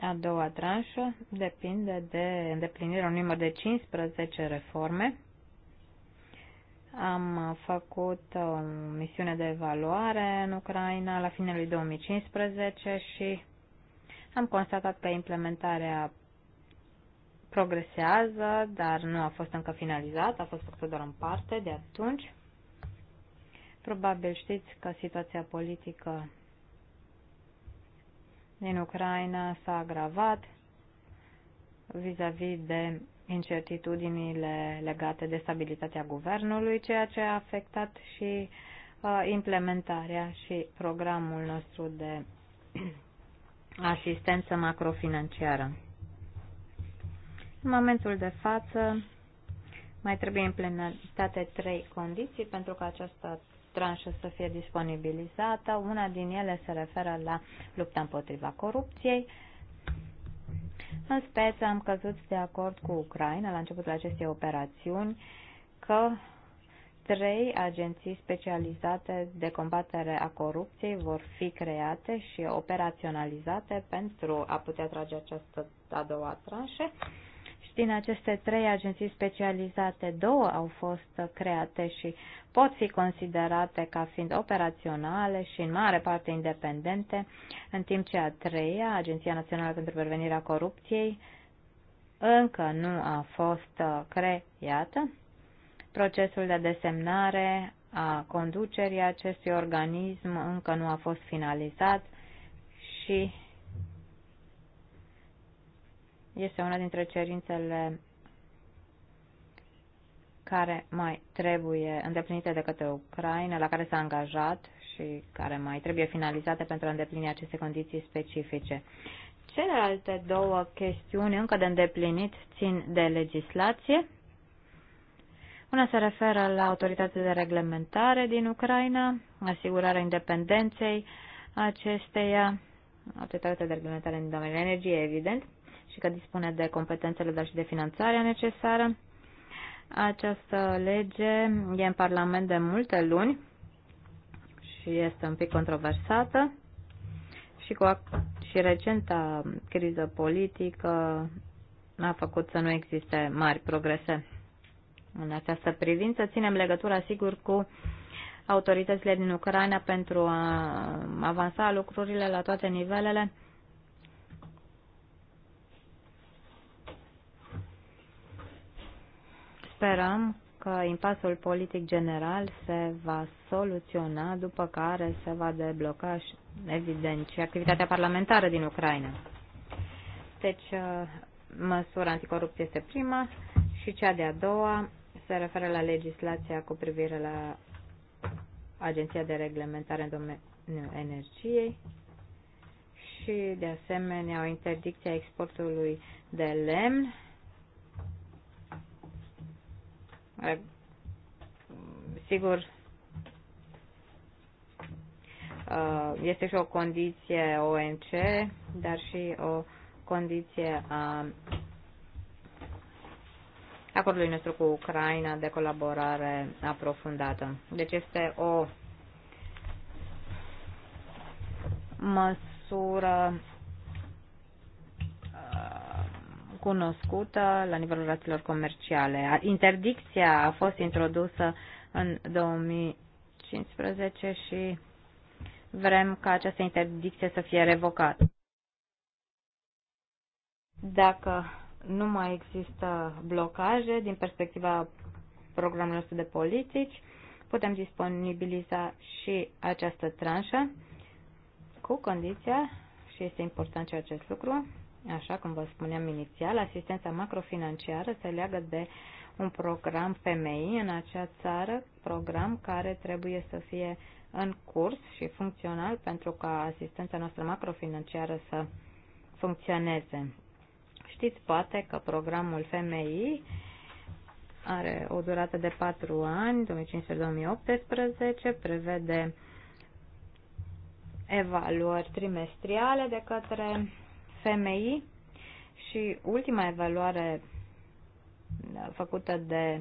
A doua tranșă depinde de îndeplinirea unui număr de 15 reforme. Am făcut o misiune de evaluare în Ucraina la lui 2015 și am constatat că implementarea progresează, dar nu a fost încă finalizat, a fost făcută doar în parte de atunci. Probabil știți că situația politică din Ucraina s-a agravat vis-a-vis -vis de incertitudinile legate de stabilitatea guvernului, ceea ce a afectat și uh, implementarea și programul nostru de asistență macrofinanciară. În momentul de față mai trebuie implementate trei condiții pentru că această tranșă să fie disponibilizată. Una din ele se referă la lupta împotriva corupției. În speță am căzut de acord cu Ucraina la începutul acestei operațiuni că trei agenții specializate de combatere a corupției vor fi create și operaționalizate pentru a putea trage această a doua tranșă din aceste trei agenții specializate, două au fost create și pot fi considerate ca fiind operaționale și în mare parte independente, în timp ce a treia, Agenția Națională pentru Prevenirea Corupției, încă nu a fost creată. Procesul de desemnare a conducerii acestui organism încă nu a fost finalizat și este una dintre cerințele care mai trebuie îndeplinite de către Ucraina, la care s-a angajat și care mai trebuie finalizate pentru a îndeplini aceste condiții specifice. Celelalte două chestiuni încă de îndeplinit țin de legislație. Una se referă la autoritatea de reglementare din Ucraina, asigurarea independenței acesteia, autoritatea de reglementare din domeniul energiei, evident, și că dispune de competențele, dar și de finanțarea necesară. Această lege e în Parlament de multe luni și este un pic controversată și, cu, și recenta criză politică a făcut să nu existe mari progrese în această privință. Ținem legătura, sigur, cu autoritățile din Ucraina pentru a avansa lucrurile la toate nivelele Sperăm că impasul politic general se va soluționa, după care se va debloca, evident, și activitatea parlamentară din Ucraina. Deci, uh, măsura anticorupție este prima și cea de-a doua se referă la legislația cu privire la Agenția de Reglementare în domeniul energiei și, de asemenea, o interdicție a exportului de lemn Sigur, uh, este și o condiție ONC, dar și o condiție a acordului nostru cu Ucraina de colaborare aprofundată. Deci este o măsură cunoscută la nivelul relațiilor comerciale. Interdicția a fost introdusă în 2015 și vrem ca această interdicție să fie revocată. Dacă nu mai există blocaje din perspectiva programului nostru de politici, putem disponibiliza și această tranșă cu condiția, și este important și acest lucru, Așa cum vă spuneam inițial, asistența macrofinanciară se leagă de un program femei în acea țară, program care trebuie să fie în curs și funcțional pentru ca asistența noastră macrofinanciară să funcționeze. Știți poate că programul FMI are o durată de 4 ani, 2015-2018, prevede evaluări trimestriale de către FMI și ultima evaluare uh, făcută de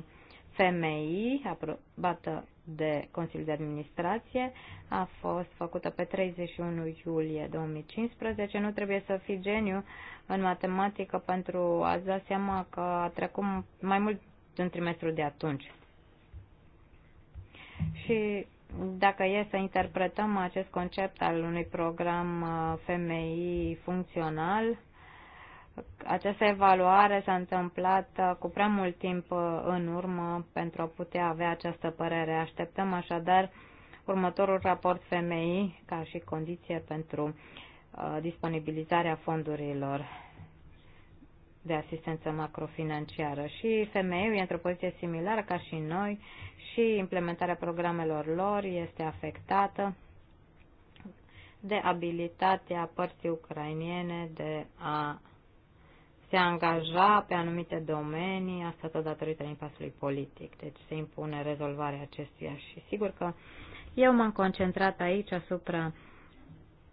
femei, aprobată de Consiliul de Administrație, a fost făcută pe 31 iulie 2015. Nu trebuie să fii geniu în matematică pentru a-ți da seama că a trecut mai mult de un trimestru de atunci. Și dacă e să interpretăm acest concept al unui program uh, FMI funcțional, această evaluare s-a întâmplat uh, cu prea mult timp uh, în urmă pentru a putea avea această părere. Așteptăm așadar următorul raport FMI ca și condiție pentru disponibilizarea fondurilor de asistență macrofinanciară și femeiul e într-o poziție similară ca și noi și implementarea programelor lor este afectată de abilitatea părții ucrainiene de a se angaja pe anumite domenii, asta tot datorită impasului politic. Deci se impune rezolvarea acestuia și sigur că eu m-am concentrat aici asupra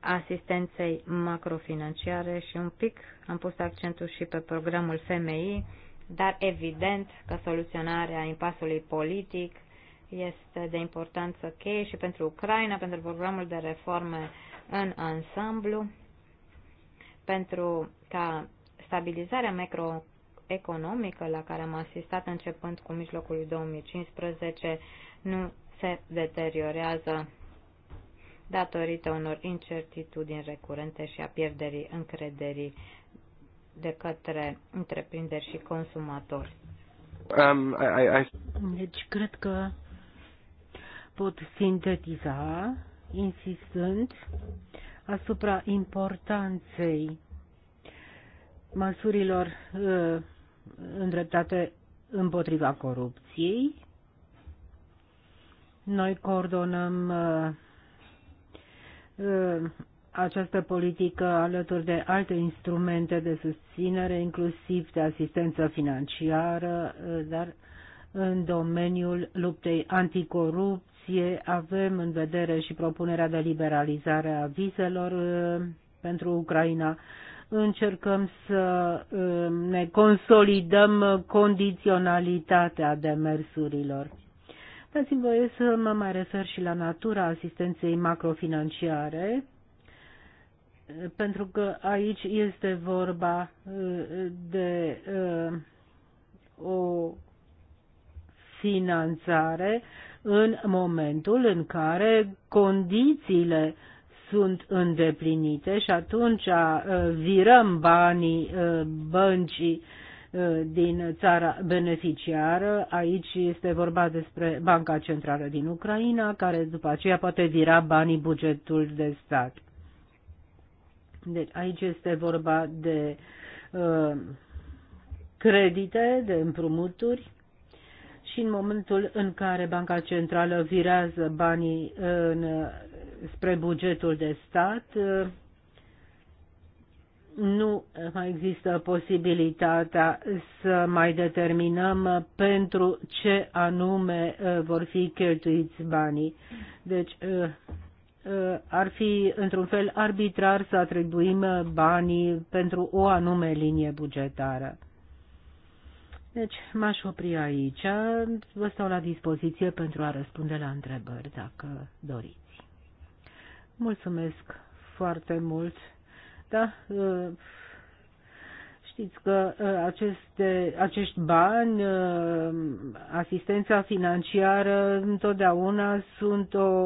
asistenței macrofinanciare și un pic am pus accentul și pe programul FMI, dar evident că soluționarea impasului politic este de importanță cheie și pentru Ucraina, pentru programul de reforme în ansamblu, pentru ca stabilizarea macroeconomică la care am asistat începând cu mijlocul 2015 nu se deteriorează datorită unor incertitudini recurente și a pierderii încrederii de către întreprinderi și consumatori. Um, I, I... Deci, cred că pot sintetiza insistând asupra importanței măsurilor uh, îndreptate împotriva corupției. Noi coordonăm uh, Uh, această politică alături de alte instrumente de susținere, inclusiv de asistență financiară, uh, dar în domeniul luptei anticorupție avem în vedere și propunerea de liberalizare a vizelor uh, pentru Ucraina. Încercăm să ne consolidăm condiționalitatea demersurilor. Dați-mi voie să mă mai refer și la natura asistenței macrofinanciare, pentru că aici este vorba uh, de uh, o finanțare în momentul în care condițiile sunt îndeplinite și atunci uh, virăm banii băncii din țara beneficiară. Aici este vorba despre Banca Centrală din Ucraina, care după aceea poate vira banii bugetul de stat. Deci aici este vorba de uh, credite, de împrumuturi și în momentul în care Banca Centrală virează banii în, spre bugetul de stat, uh, nu mai există posibilitatea să mai determinăm pentru ce anume uh, vor fi cheltuiți banii. Deci uh, uh, ar fi într-un fel arbitrar să atribuim banii pentru o anume linie bugetară. Deci m-aș opri aici. Vă stau la dispoziție pentru a răspunde la întrebări dacă doriți. Mulțumesc foarte mult dreapta. Uh, știți că uh, aceste, acești bani, uh, asistența financiară, întotdeauna sunt o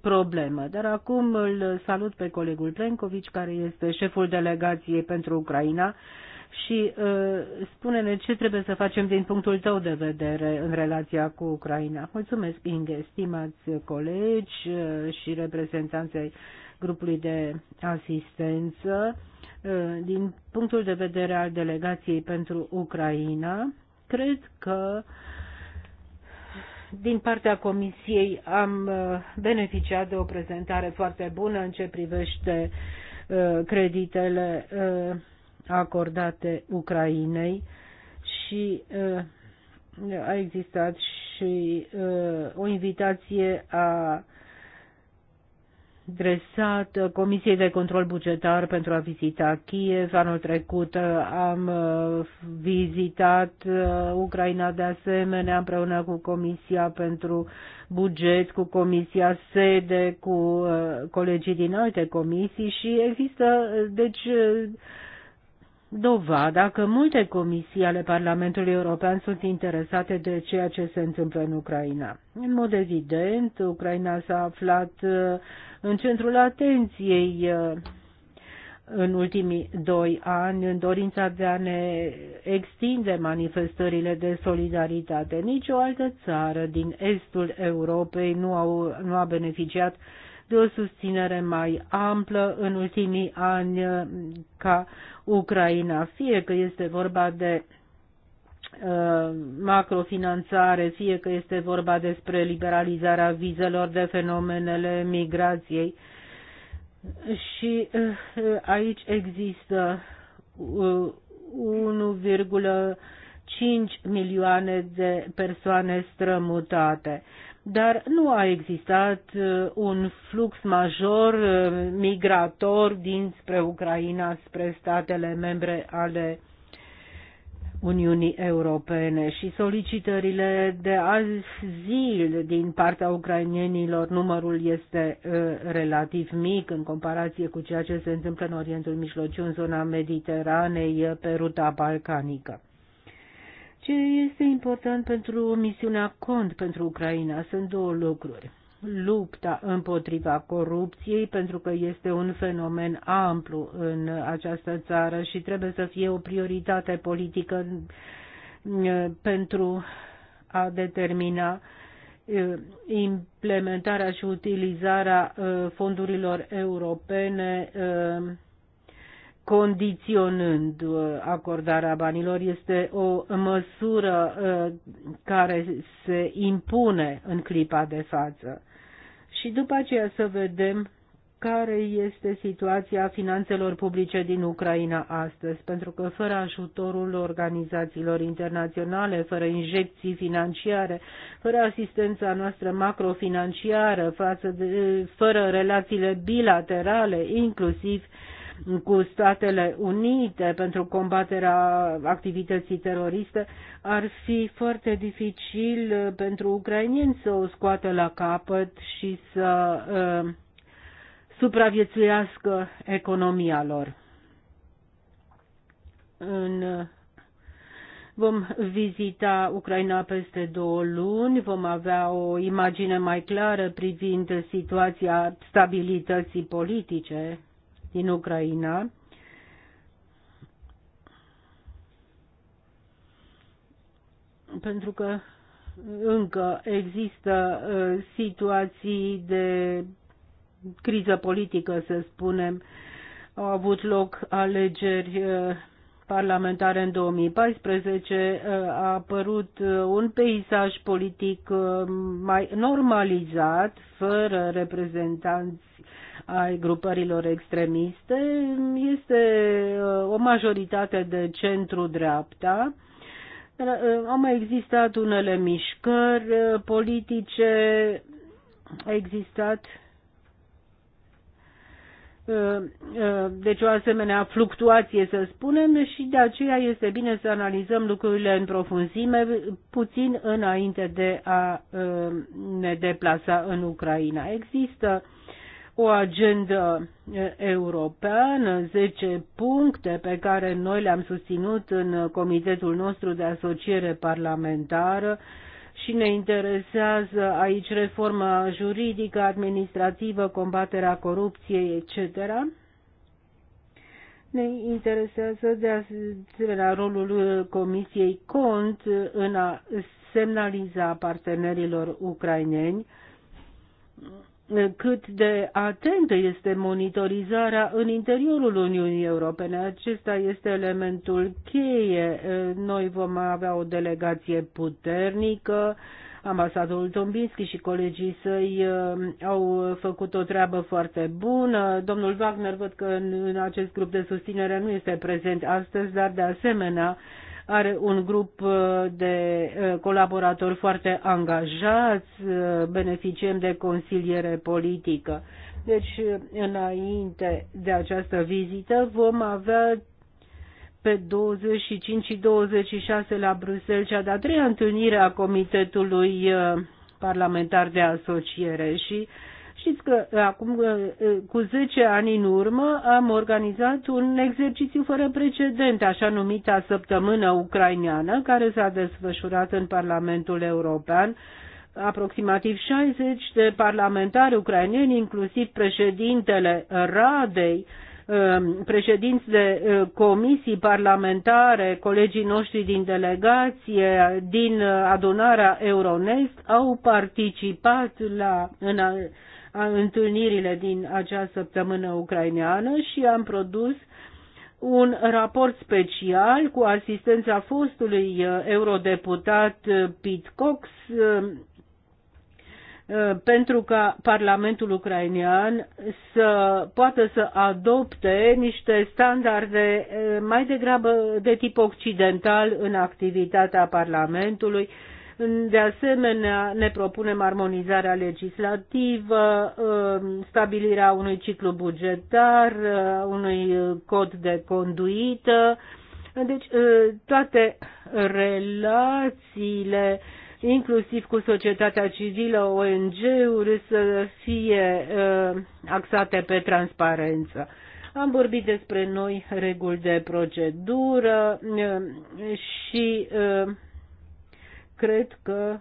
problemă. Dar acum îl salut pe colegul Plencovici, care este șeful delegației pentru Ucraina și uh, spune-ne ce trebuie să facem din punctul tău de vedere în relația cu Ucraina. Mulțumesc, Inge, stimați colegi uh, și reprezentanții grupului de asistență uh, din punctul de vedere al delegației pentru Ucraina. Cred că din partea Comisiei am uh, beneficiat de o prezentare foarte bună în ce privește uh, creditele acordate Ucrainei și a existat și o invitație a dresat Comisiei de Control Bugetar pentru a vizita Kiev. Anul trecut am uh, vizitat uh, Ucraina de asemenea împreună cu Comisia pentru Buget, cu Comisia Sede, cu uh, colegii din alte comisii și există deci dovada că multe comisii ale Parlamentului European sunt interesate de ceea ce se întâmplă în Ucraina. În mod evident, Ucraina s-a aflat uh, în centrul atenției uh, în ultimii doi ani în dorința de a ne extinde manifestările de solidaritate. Nici o altă țară din estul Europei nu, au, nu a beneficiat uh, de o susținere mai amplă în ultimii ani uh, ca Ucraina, fie că este vorba de uh, macrofinanțare, fie că este vorba despre liberalizarea vizelor de fenomenele migrației. Și uh, aici există 1,5 milioane de persoane strămutate dar nu a existat uh, un flux major uh, migrator dinspre Ucraina spre statele membre ale Uniunii Europene și solicitările de azil din partea ucrainienilor, numărul este uh, relativ mic în comparație cu ceea ce se întâmplă în Orientul Mijlociu, în zona Mediteranei, pe ruta balcanică. Ce este important pentru misiunea CONT pentru Ucraina? Sunt două lucruri. Lupta împotriva corupției, pentru că este un fenomen amplu în această țară și trebuie să fie o prioritate politică eh, pentru a determina eh, implementarea și utilizarea eh, fondurilor europene condiționând uh, acordarea banilor. Este o măsură uh, care se impune în clipa de față. Și după aceea să vedem care este situația finanțelor publice din Ucraina astăzi, pentru că fără ajutorul organizațiilor internaționale, fără injecții financiare, fără asistența noastră macrofinanciară, față de, fără relațiile bilaterale, inclusiv uh, cu Statele Unite pentru combaterea activității teroriste, ar fi foarte dificil pentru ucrainieni să o scoată la capăt și să uh, supraviețuiască economia lor. În Vom vizita Ucraina peste două luni, vom avea o imagine mai clară privind situația stabilității politice din Ucraina. Pentru că încă există uh, situații de criză politică, să spunem. Au avut loc alegeri uh, parlamentare în 2014 uh, a apărut uh, un peisaj politic uh, mai normalizat, fără reprezentanți ai grupărilor extremiste. Este o majoritate de centru-dreapta. Au mai existat unele mișcări politice, a existat Uh, uh, deci o asemenea fluctuație, să spunem, și de aceea este bine să analizăm lucrurile în profunzime puțin înainte de a uh, ne deplasa în Ucraina. Există o agendă europeană, 10 puncte pe care noi le-am susținut în comitetul nostru de asociere parlamentară, și ne interesează aici reforma juridică, administrativă, combaterea corupției, etc. Ne interesează de asemenea rolul Comisiei Cont în a semnaliza partenerilor ucraineni cât de atentă este monitorizarea în interiorul Uniunii Europene. Acesta este elementul cheie. Noi vom avea o delegație puternică. Ambasadorul Tombinski și colegii săi uh, au făcut o treabă foarte bună. Domnul Wagner văd că în acest grup de susținere nu este prezent astăzi, dar de asemenea are un grup uh, de uh, colaboratori foarte angajați, uh, beneficiem de consiliere politică. Deci, înainte de această vizită, vom avea pe 25 și 26 la Bruxelles cea de-a treia întâlnire a Comitetului Parlamentar de Asociere și uh, Știți că uh, acum uh, uh, cu 10 ani în urmă am organizat un exercițiu fără precedent, așa numita săptămână ucraineană, care s-a desfășurat în Parlamentul European. Aproximativ 60 de parlamentari ucraineni, inclusiv președintele Radei, um, președinți de comisii parlamentare, colegii noștri din delegație, din adunarea Euronest, au participat la în întâlnirile din acea săptămână ucraineană și am produs un raport special cu asistența fostului uh, eurodeputat uh, Pete Cox uh, pentru ca Parlamentul ucrainean să poată să adopte niște standarde mai degrabă de tip occidental în activitatea Parlamentului de asemenea, ne propunem armonizarea legislativă, um, stabilirea unui ciclu bugetar, uh, unui cod de conduită. Deci, uh, toate relațiile inclusiv cu societatea civilă, ONG-uri, să fie uh, axate pe transparență. Am vorbit despre noi reguli de procedură uh, și uh, cred că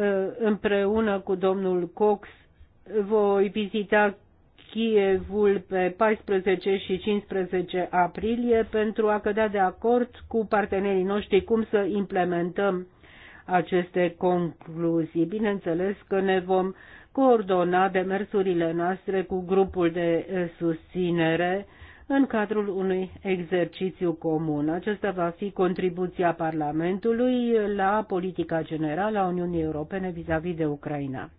ă, împreună cu domnul Cox voi vizita Chievul pe 14 și 15 aprilie pentru a cădea de acord cu partenerii noștri cum să implementăm aceste concluzii. Bineînțeles că ne vom coordona demersurile noastre cu grupul de ă, susținere în cadrul unui exercițiu comun. Acesta va fi contribuția Parlamentului la politica generală a Uniunii Europene vis-a-vis -vis de Ucraina.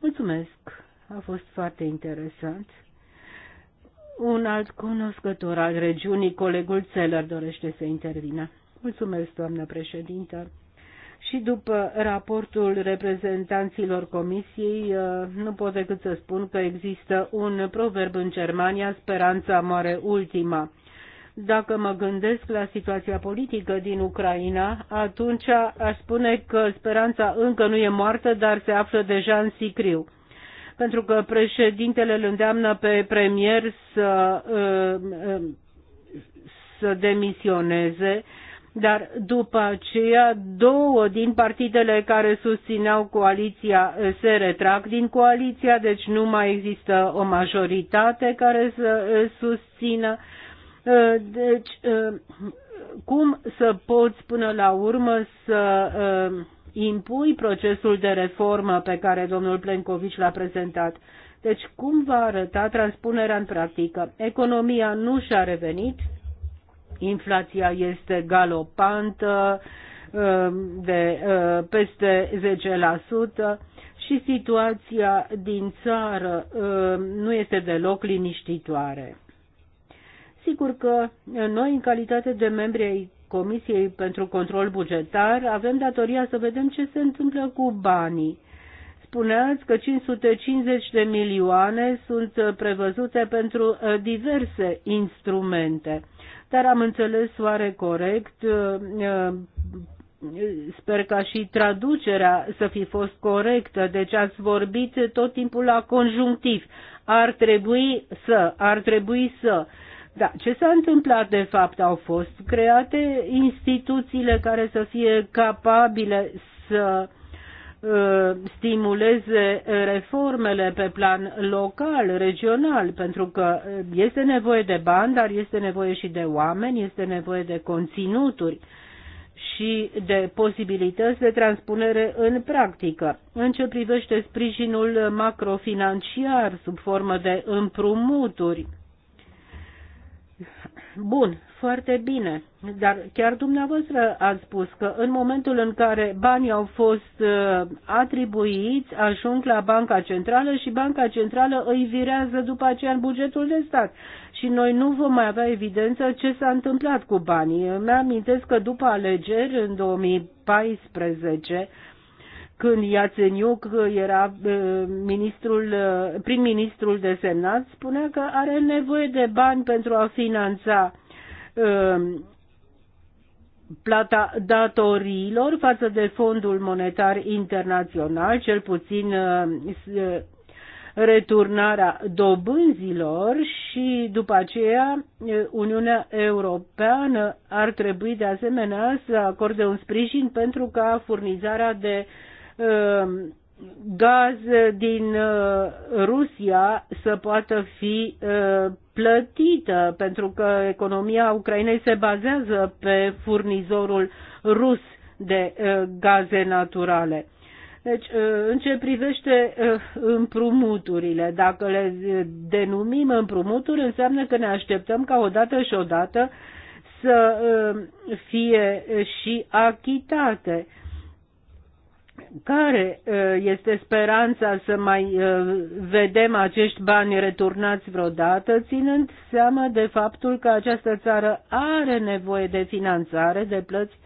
Mulțumesc, a fost foarte interesant. Un alt cunoscător al regiunii, colegul Țeler, dorește să intervină. Mulțumesc, doamnă președintă. Și după raportul reprezentanților comisiei, uh, nu pot decât să spun că există un proverb în Germania, speranța moare ultima. Dacă mă gândesc la situația politică din Ucraina, atunci aș spune că speranța încă nu e moartă, dar se află deja în sicriu. Pentru că președintele îl îndeamnă pe premier să, uh, uh, să demisioneze dar după aceea două din partidele care susțineau coaliția se retrag din coaliția, deci nu mai există o majoritate care să susțină. Deci, cum să poți până la urmă să impui procesul de reformă pe care domnul Plencovici l-a prezentat? Deci, cum va arăta transpunerea în practică? Economia nu și-a revenit, inflația este galopantă uh, de uh, peste 10% și situația din țară uh, nu este deloc liniștitoare. Sigur că noi, în calitate de membri ai Comisiei pentru Control Bugetar, avem datoria să vedem ce se întâmplă cu banii. Spuneați că 550 de milioane sunt prevăzute pentru diverse instrumente. Dar am înțeles oare corect uh, uh, sper ca și traducerea să fi fost corectă, deci ați vorbit tot timpul la conjunctiv. Ar trebui să, ar trebui să. Da, ce s-a întâmplat de fapt? Au fost create instituțiile care să fie capabile să Uh, stimuleze reformele pe plan local, regional, pentru că uh, este nevoie de bani, dar este nevoie și de oameni, este nevoie de conținuturi și de posibilități de transpunere în practică. În ce privește sprijinul macrofinanciar sub formă de împrumuturi, Bun, foarte bine. Dar chiar dumneavoastră ați spus că în momentul în care banii au fost uh, atribuiți, ajung la Banca Centrală și Banca Centrală îi virează după aceea în bugetul de stat. Și noi nu vom mai avea evidență ce s-a întâmplat cu banii. Mi-amintesc că după alegeri în 2014, când Iațeniuc era uh, ministrul, uh, prim-ministrul desemnat, spunea că are nevoie de bani pentru a finanța uh, plata datoriilor față de Fondul Monetar Internațional, cel puțin returnarea dobânzilor și după aceea Uniunea Europeană ar trebui de asemenea să acorde un sprijin pentru ca furnizarea de uh, Um, gaz din uh, Rusia să poată fi uh, plătită, pentru că economia Ucrainei se bazează pe furnizorul rus de uh, gaze naturale. Deci, în ce privește împrumuturile, dacă le denumim împrumuturi, înseamnă că ne așteptăm ca odată și odată să fie și achitate. Care este speranța să mai vedem acești bani returnați vreodată, ținând seama de faptul că această țară are nevoie de finanțare, de plăți,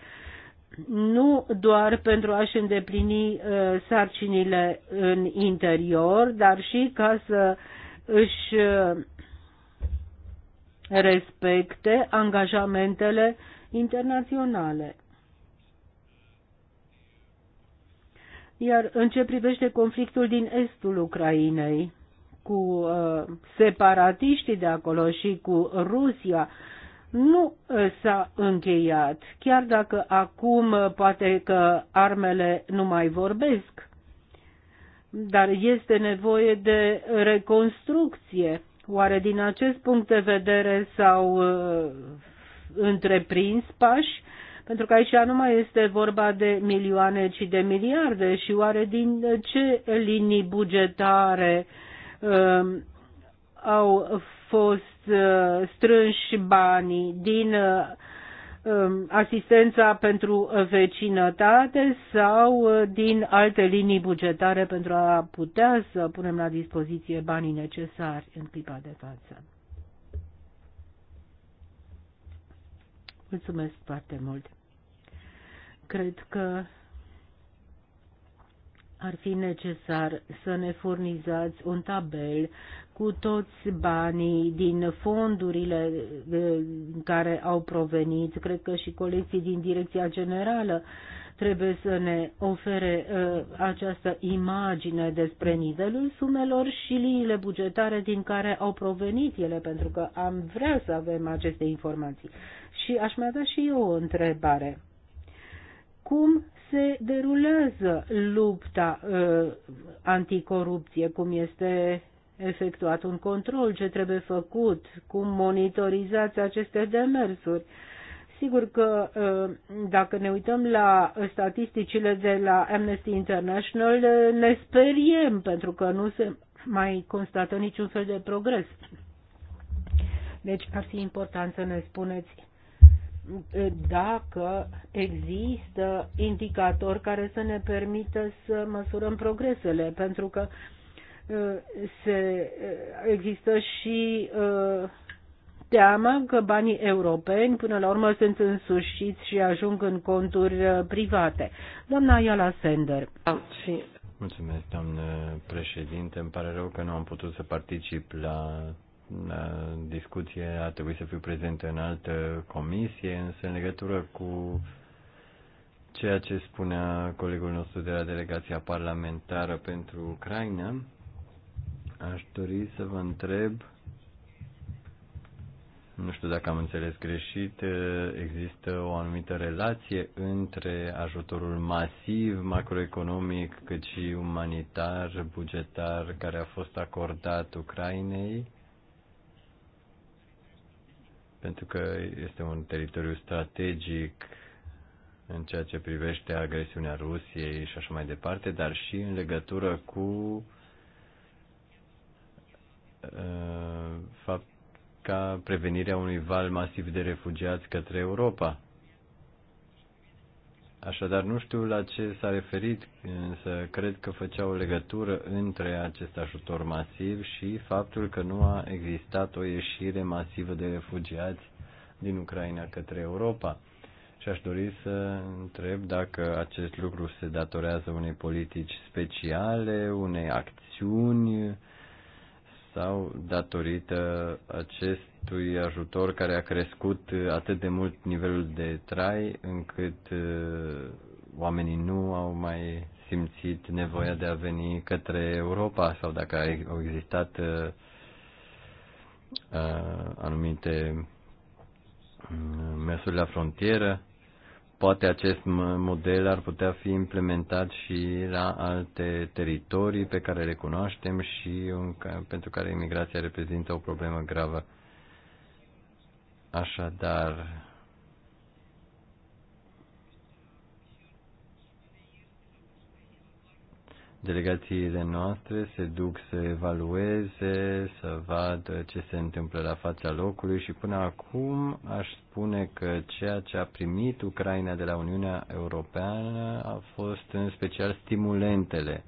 nu doar pentru a-și îndeplini sarcinile în interior, dar și ca să își respecte angajamentele internaționale. Iar în ce privește conflictul din estul Ucrainei, cu uh, separatiștii de acolo și cu Rusia, nu uh, s-a încheiat, chiar dacă acum uh, poate că armele nu mai vorbesc, dar este nevoie de reconstrucție. Oare din acest punct de vedere s-au uh, întreprins pași? Pentru că aici nu mai este vorba de milioane, ci de miliarde și oare din ce linii bugetare uh, au fost uh, strânși banii din uh, um, asistența pentru vecinătate sau uh, din alte linii bugetare pentru a putea să punem la dispoziție banii necesari în clipa de față. Mulțumesc foarte mult. Cred că ar fi necesar să ne furnizați un tabel cu toți banii din fondurile care au provenit. Cred că și colegii din Direcția Generală trebuie să ne ofere ă, această imagine despre nivelul sumelor și liniile bugetare din care au provenit ele, pentru că am vrea să avem aceste informații. Și aș mai avea și eu o întrebare cum se derulează lupta uh, anticorupție, cum este efectuat un control, ce trebuie făcut, cum monitorizați aceste demersuri. Sigur că uh, dacă ne uităm la statisticile de la Amnesty International, uh, ne speriem pentru că nu se mai constată niciun fel de progres. Deci ar fi important să ne spuneți dacă există indicatori care să ne permită să măsurăm progresele, pentru că uh, se, uh, există și uh, teamă că banii europeni până la urmă sunt însușiți și ajung în conturi private. Doamna Iala Sender. Mulțumesc, doamnă președinte. Îmi pare rău că nu am putut să particip la discuție a trebuit să fiu prezent în altă comisie, însă în legătură cu ceea ce spunea colegul nostru de la delegația parlamentară pentru Ucraina, aș dori să vă întreb, nu știu dacă am înțeles greșit, există o anumită relație între ajutorul masiv macroeconomic cât și umanitar, bugetar, care a fost acordat Ucrainei pentru că este un teritoriu strategic în ceea ce privește agresiunea Rusiei și așa mai departe, dar și în legătură cu uh, fapt ca prevenirea unui val masiv de refugiați către Europa. Așadar, nu știu la ce s-a referit, însă cred că făcea o legătură între acest ajutor masiv și faptul că nu a existat o ieșire masivă de refugiați din Ucraina către Europa. Și aș dori să întreb dacă acest lucru se datorează unei politici speciale, unei acțiuni sau datorită acestui ajutor care a crescut atât de mult nivelul de trai încât uh, oamenii nu au mai simțit nevoia de a veni către Europa sau dacă au existat uh, uh, anumite mm, măsuri la frontieră Poate acest model ar putea fi implementat și la alte teritorii pe care le cunoaștem și pentru care imigrația reprezintă o problemă gravă. Așadar, delegațiile noastre se duc să evalueze, să vadă ce se întâmplă la fața locului și până acum aș spune că ceea ce a primit Ucraina de la Uniunea Europeană a fost în special stimulentele.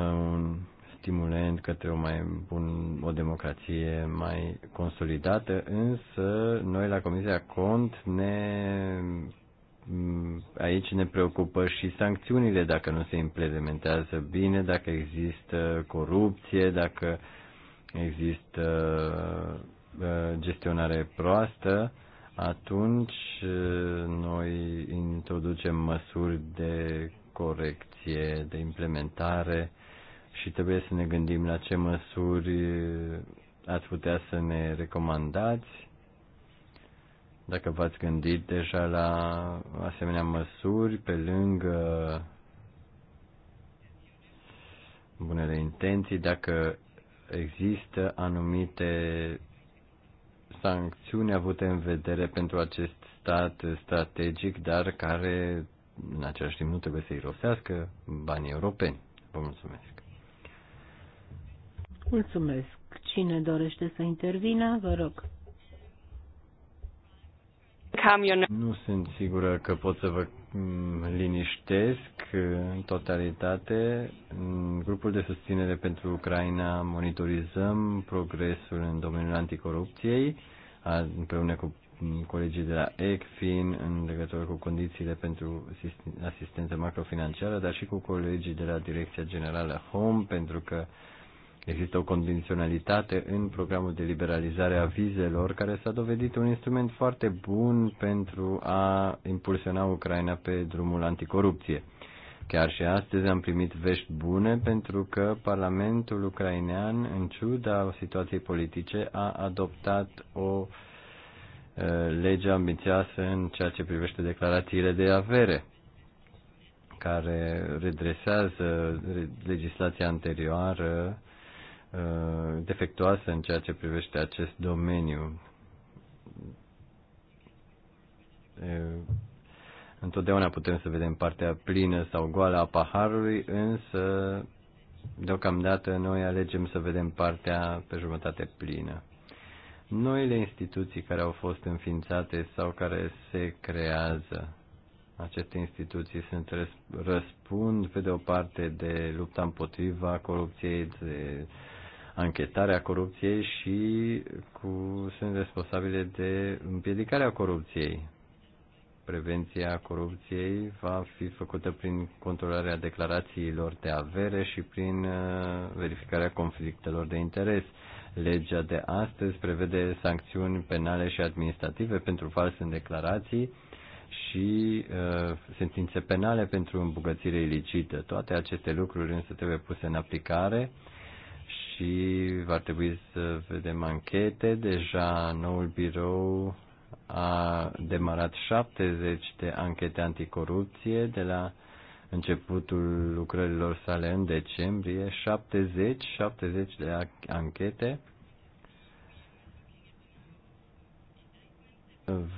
Un stimulent către o mai bun, o democrație mai consolidată, însă noi la Comisia Cont ne Mm, aici ne preocupă și sancțiunile dacă nu se implementează bine, dacă există corupție, dacă există uh, gestionare proastă, atunci uh, noi introducem măsuri de corecție, de implementare și trebuie să ne gândim la ce măsuri uh, ați putea să ne recomandați dacă v-ați gândit deja la asemenea măsuri pe lângă bunele intenții, dacă există anumite sancțiuni avute în vedere pentru acest stat strategic, dar care în același timp nu trebuie să irosească banii europeni. Vă mulțumesc. Mulțumesc. Cine dorește să intervină, vă rog calm your Nu sunt sigură că pot să vă mm, liniștesc în totalitate. În grupul de susținere pentru Ucraina monitorizăm progresul în domeniul anticorupției împreună cu mm, colegii de la ECFIN în legătură cu condițiile pentru asistență macrofinanciară, dar și cu colegii de la Direcția Generală HOME, pentru că Există o condiționalitate în programul de liberalizare a vizelor care s-a dovedit un instrument foarte bun pentru a impulsiona Ucraina pe drumul anticorupție. Chiar și astăzi am primit vești bune pentru că Parlamentul ucrainean, în ciuda situației politice, a adoptat o lege ambițioasă în ceea ce privește declarațiile de avere, care redresează legislația anterioară Uh, defectuoasă în ceea ce privește acest domeniu. Întotdeauna putem să vedem partea plină sau goală a paharului, însă deocamdată noi alegem să vedem partea pe jumătate plină. Noile instituții care au fost înființate sau care se creează, aceste instituții sunt răspund pe de o parte de lupta împotriva corupției, de uh, anchetarea corupției și cu, sunt responsabile de împiedicarea corupției. Prevenția corupției va fi făcută prin controlarea declarațiilor de avere și prin uh, verificarea conflictelor de interes. Legea de astăzi prevede sancțiuni penale și administrative pentru fals în declarații și uh, sentințe penale pentru îmbogățire ilicită. Toate aceste lucruri însă trebuie puse în aplicare uh, și va trebui să vedem anchete. Deja noul birou a demarat 70 de anchete anticorupție de la începutul lucrărilor sale în decembrie, 70, 70 de anchete.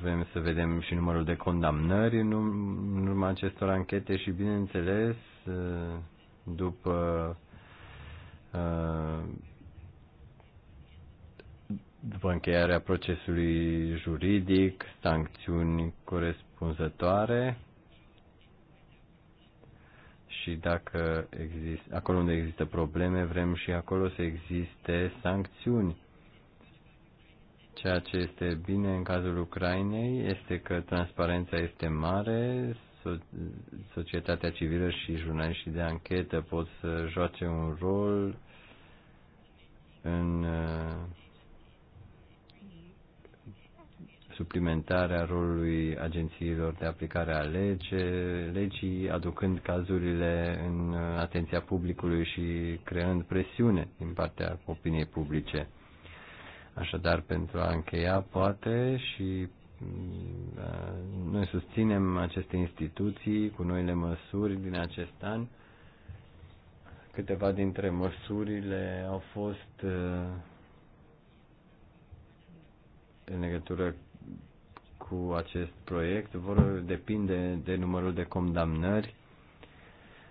Vrem să vedem și numărul de condamnări în urma acestor anchete și, bineînțeles, după după încheierea procesului juridic, sancțiuni corespunzătoare și dacă există, acolo unde există probleme, vrem și acolo să existe sancțiuni. Ceea ce este bine în cazul Ucrainei este că transparența este mare, societatea civilă și jurnaliștii de anchetă pot să joace un rol în uh, suplimentarea rolului agențiilor de aplicare a lege, legii, aducând cazurile în atenția publicului și creând presiune din partea opiniei publice. Așadar, pentru a încheia, poate și noi susținem aceste instituții cu noile măsuri din acest an. Câteva dintre măsurile au fost uh, în legătură cu acest proiect vor depinde de numărul de condamnări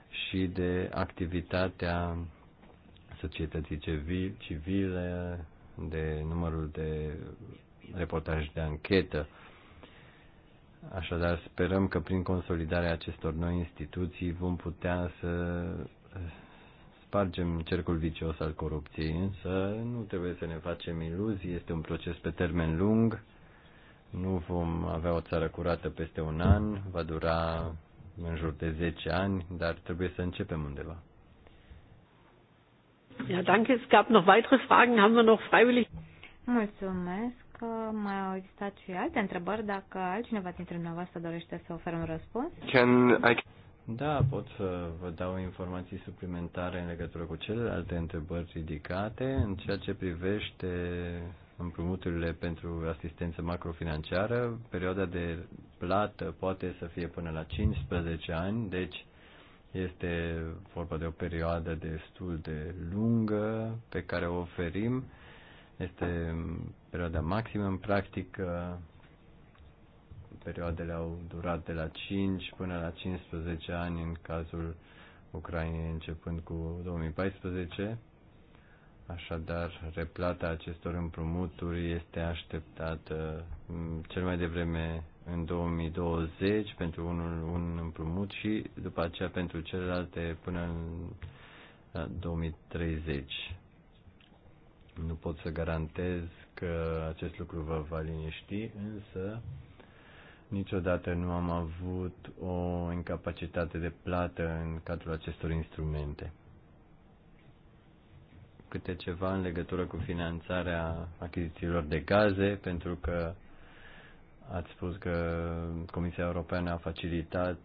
și de activitatea societății civile, de numărul de reportaj de anchetă. Așadar, sperăm că prin consolidarea acestor noi instituții vom putea să spargem cercul vicios al corupției, însă nu trebuie să ne facem iluzii, este un proces pe termen lung, nu vom avea o țară curată peste un an, va dura în jur de 10 ani, dar trebuie să începem undeva. Ja, danke. Es gab noch weitere Fragen. Haben wir noch freiwillig? Mulțumesc dacă mai au existat și alte întrebări. Dacă altcineva dintre dumneavoastră dorește să ofere un răspuns. Can I... Da, pot să vă dau informații suplimentare în legătură cu celelalte întrebări ridicate în ceea ce privește împrumuturile pentru asistență macrofinanciară. Perioada de plată poate să fie până la 15 ani, deci este vorba de o perioadă destul de lungă pe care o oferim. Este perioada maximă. În practică, perioadele au durat de la 5 până la 15 ani în cazul Ucrainei începând cu 2014. Așadar, replata acestor împrumuturi este așteptată mm, cel mai devreme în 2020 pentru unul, un împrumut și după aceea pentru celelalte până în 2030. Nu pot să garantez că acest lucru vă va liniști, însă niciodată nu am avut o incapacitate de plată în cadrul acestor instrumente. Câte ceva în legătură cu finanțarea achizițiilor de gaze, pentru că ați spus că Comisia Europeană a facilitat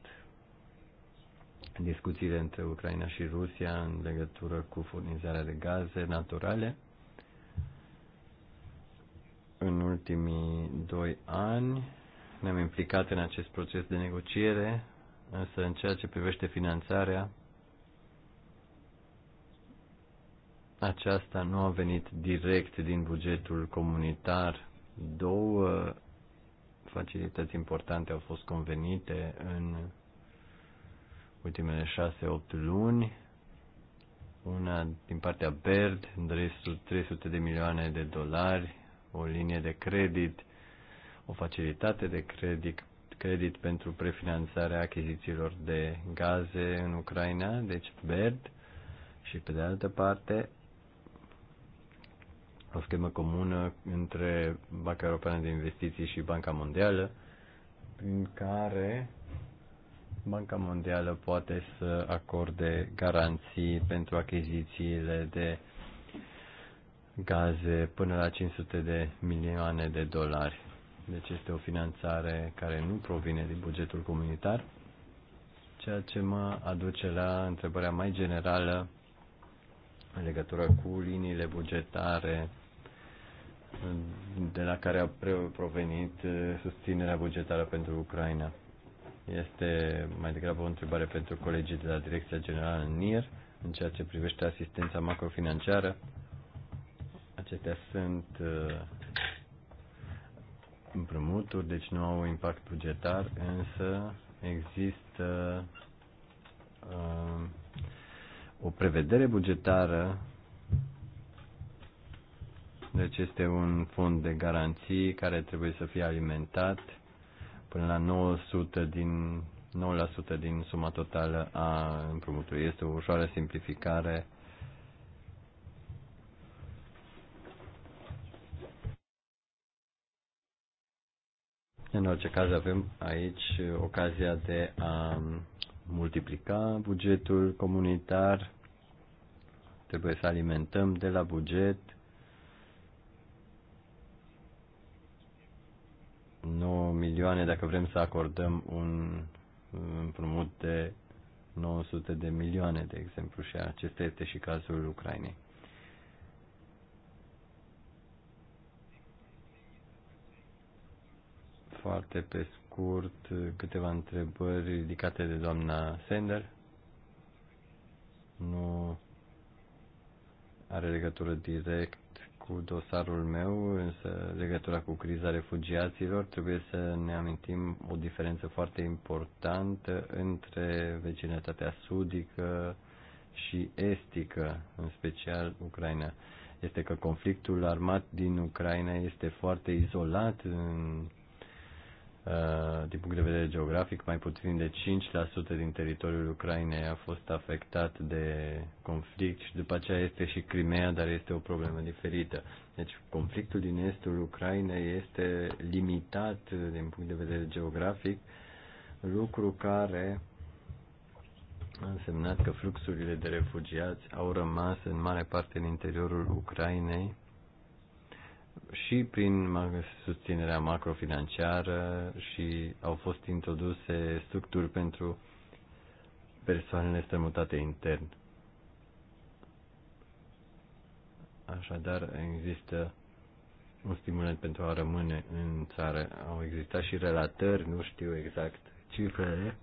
discuțiile între Ucraina și Rusia în legătură cu furnizarea de gaze naturale. În ultimii doi ani ne-am implicat în acest proces de negociere, însă în ceea ce privește finanțarea, aceasta nu a venit direct din bugetul comunitar. Două facilități importante au fost convenite în ultimele șase-opt luni. Una din partea BERD, 300 de milioane de dolari o linie de credit, o facilitate de credit, credit pentru prefinanțarea achizițiilor de gaze în Ucraina, deci BERD, și pe de altă parte o schemă comună între Banca Europeană de Investiții și Banca Mondială, prin care Banca Mondială poate să acorde garanții pentru achizițiile de gaze până la 500 de milioane de dolari. Deci este o finanțare care nu provine din bugetul comunitar, ceea ce mă aduce la întrebarea mai generală în legătură cu liniile bugetare de la care a provenit eh, susținerea bugetară pentru Ucraina. Este mai degrabă o întrebare pentru colegii de la Direcția Generală NIR în ceea ce privește asistența macrofinanciară Acestea sunt uh, împrumuturi, deci nu au impact bugetar, însă există uh, o prevedere bugetară, deci este un fond de garanții care trebuie să fie alimentat până la 900 din 9% din suma totală a împrumutului. Este o ușoară simplificare În orice caz avem aici ocazia de a multiplica bugetul comunitar. Trebuie să alimentăm de la buget milioane dacă vrem să acordăm un împrumut de 900 de milioane, de exemplu, și acesta este și cazul Ucrainei. foarte pe scurt eh, câteva întrebări ridicate de doamna Sender. Nu are legătură direct cu dosarul meu, însă legătura cu criza refugiaților trebuie să ne amintim o diferență foarte importantă între vecinătatea sudică și estică, în special Ucraina este că conflictul armat din Ucraina este foarte izolat în Uh, din punct de vedere geografic, mai puțin de 5% din teritoriul Ucrainei a fost afectat de conflict și după aceea este și Crimea, dar este o problemă diferită. Deci conflictul din estul Ucrainei este limitat din punct de vedere geografic, lucru care a însemnat că fluxurile de refugiați au rămas în mare parte în interiorul Ucrainei, și prin susținerea macrofinanciară și au fost introduse structuri pentru persoanele strămutate intern. Așadar, există un stimulant pentru a rămâne în țară. Au existat și relatări, nu știu exact cifrele,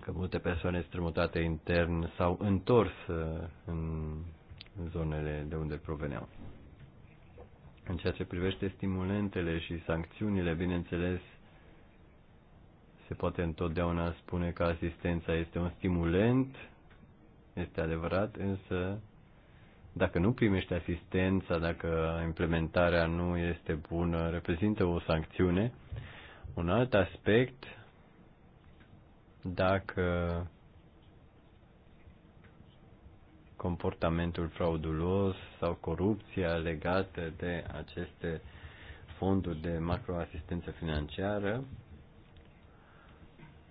că multe persoane strămutate intern s-au întors uh, în zonele de unde proveneau. În ceea ce privește stimulentele și sancțiunile, bineînțeles, se poate întotdeauna spune că asistența este un stimulent, este adevărat, însă dacă nu primești asistența, dacă implementarea nu este bună, reprezintă o sancțiune. Un alt aspect dacă comportamentul fraudulos sau corupția legată de aceste fonduri de macroasistență financiară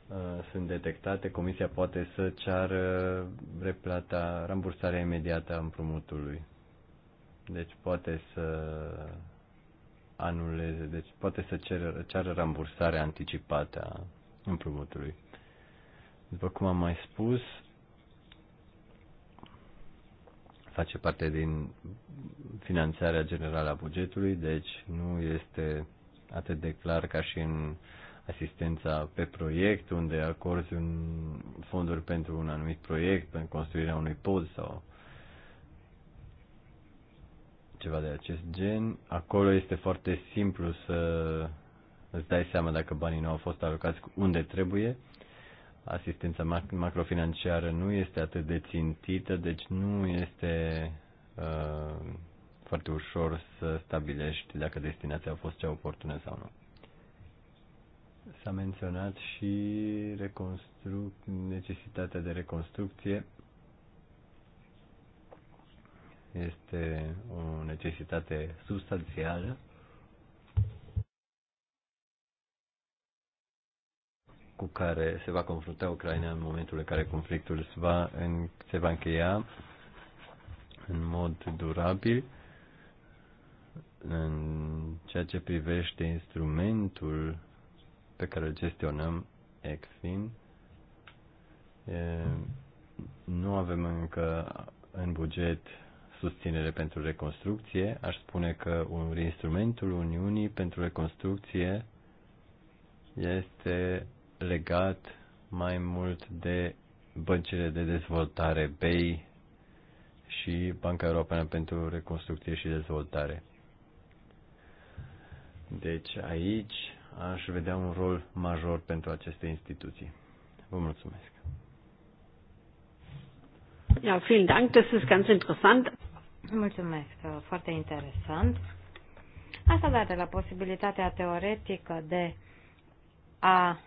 uh, sunt detectate, comisia poate să ceară replata, rambursarea imediată a împrumutului. Deci poate să anuleze, deci poate să ceară, ceară rambursarea anticipată a împrumutului. După cum am mai spus, face parte din finanțarea generală a bugetului, deci nu este atât de clar ca și în asistența pe proiect, unde acorzi un fonduri pentru un anumit proiect, pentru construirea unui pod sau ceva de acest gen. Acolo este foarte simplu să îți dai seama dacă banii nu au fost alocați unde trebuie asistența macrofinanciară nu este atât de țintită, deci nu este uh, foarte ușor să stabilești dacă destinația a fost cea oportună sau nu. S-a menționat și reconstru- necesitatea de reconstrucție. Este o necesitate substanțială cu care se va confrunta Ucraina în momentul în care conflictul se va, în, se va încheia în mod durabil în ceea ce privește instrumentul pe care îl gestionăm, ECFIN, e, nu avem încă în buget susținere pentru reconstrucție. Aș spune că un, instrumentul Uniunii pentru reconstrucție este legat mai mult de băncile de dezvoltare BEI și Banca Europeană pentru Reconstrucție și Dezvoltare. Deci aici aș vedea un rol major pentru aceste instituții. Vă mulțumesc. Ja, vielen Dank, das ist ganz interessant. Mulțumesc, foarte interesant. Asta dată la posibilitatea teoretică de a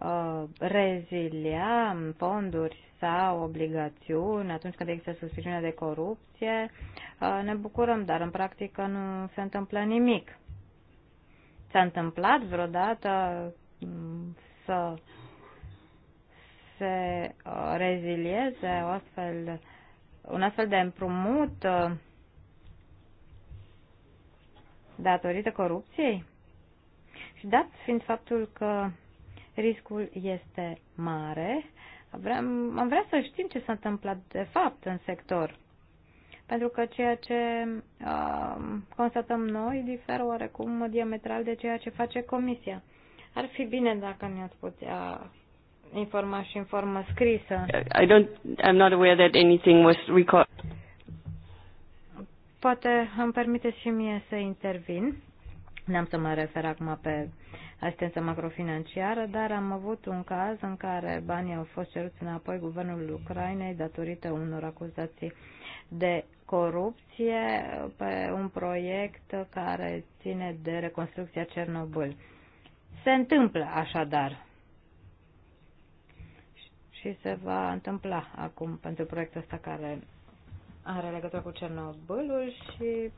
uh, rezilia fonduri sau obligațiuni atunci când există suspiciune de corupție, uh, ne bucurăm, dar în practică nu se întâmplă nimic. S-a întâmplat vreodată mm, să se uh, rezilieze o astfel, un astfel de împrumut uh, datorită corupției? Și dat fiind faptul că riscul este mare. Vrem, am vrea să știm ce s-a întâmplat de fapt în sector. Pentru că ceea ce uh, constatăm noi diferă oarecum diametral de ceea ce face Comisia. Ar fi bine dacă ne-ați putea informa și în formă scrisă. I don't, I'm not aware that anything was recorded. Poate îmi permite și mie să intervin. N-am să mă refer acum pe asistență macrofinanciară, dar am avut un caz în care banii au fost ceruți înapoi guvernul Ucrainei datorită unor acuzații de corupție pe un proiect care ține de reconstrucția Cernobâl. Se întâmplă așadar și se va întâmpla acum pentru proiectul ăsta care are legătură cu Cernobâlul și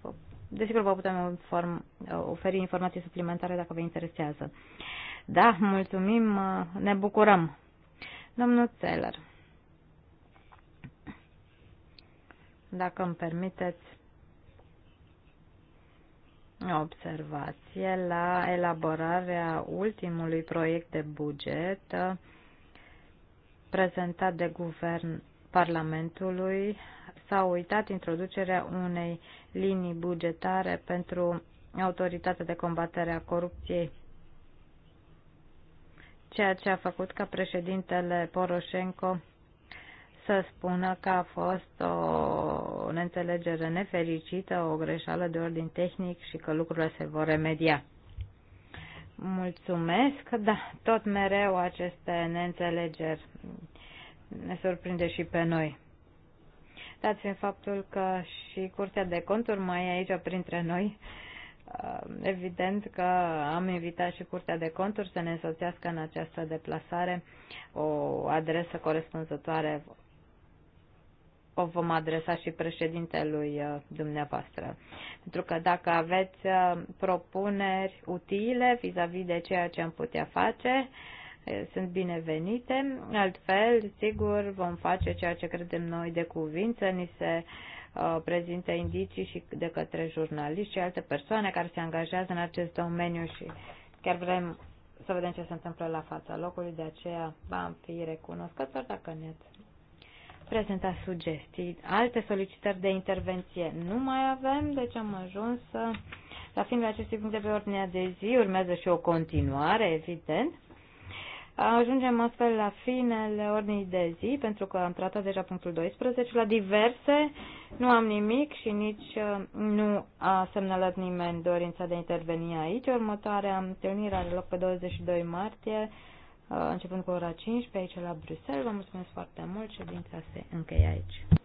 Desigur, vă putem inform, oferi informații suplimentare dacă vă interesează. Da, mulțumim, ne bucurăm. Domnul Țeler, dacă îmi permiteți o observație la elaborarea ultimului proiect de buget uh, prezentat de Guvern Parlamentului s-au uitat introducerea unei linii bugetare pentru autoritatea de combatere a corupției, ceea ce a făcut ca președintele Poroșenko să spună că a fost o neînțelegere nefericită, o greșeală de ordin tehnic și că lucrurile se vor remedia. Mulțumesc, da, tot mereu aceste neînțelegeri ne surprinde și pe noi dat fiind faptul că și Curtea de Conturi mai e aici printre noi, uh, evident că am invitat și Curtea de Conturi să ne însoțească în această deplasare o adresă corespunzătoare o vom adresa și președintelui uh, dumneavoastră. Pentru că dacă aveți uh, propuneri utile vis-a-vis -vis de ceea ce am putea face, sunt binevenite, altfel, sigur, vom face ceea ce credem noi de cuvință, ni se uh, prezintă indicii și de către jurnaliști și alte persoane care se angajează în acest domeniu și chiar vrem să vedem ce se întâmplă la fața locului, de aceea am fi recunoscător dacă ne-ați prezentat sugestii. Alte solicitări de intervenție nu mai avem, deci am ajuns uh, la finul acestui punct de pe ordinea de zi. Urmează și o continuare, evident. Ajungem astfel la finele ordinii de zi, pentru că am tratat deja punctul 12. La diverse nu am nimic și nici uh, nu a semnalat nimeni dorința de a interveni aici. Următoarea întâlnire are loc pe 22 martie, uh, începând cu ora 15 aici la Bruxelles. Vă mulțumesc foarte mult, ședința se încheie aici.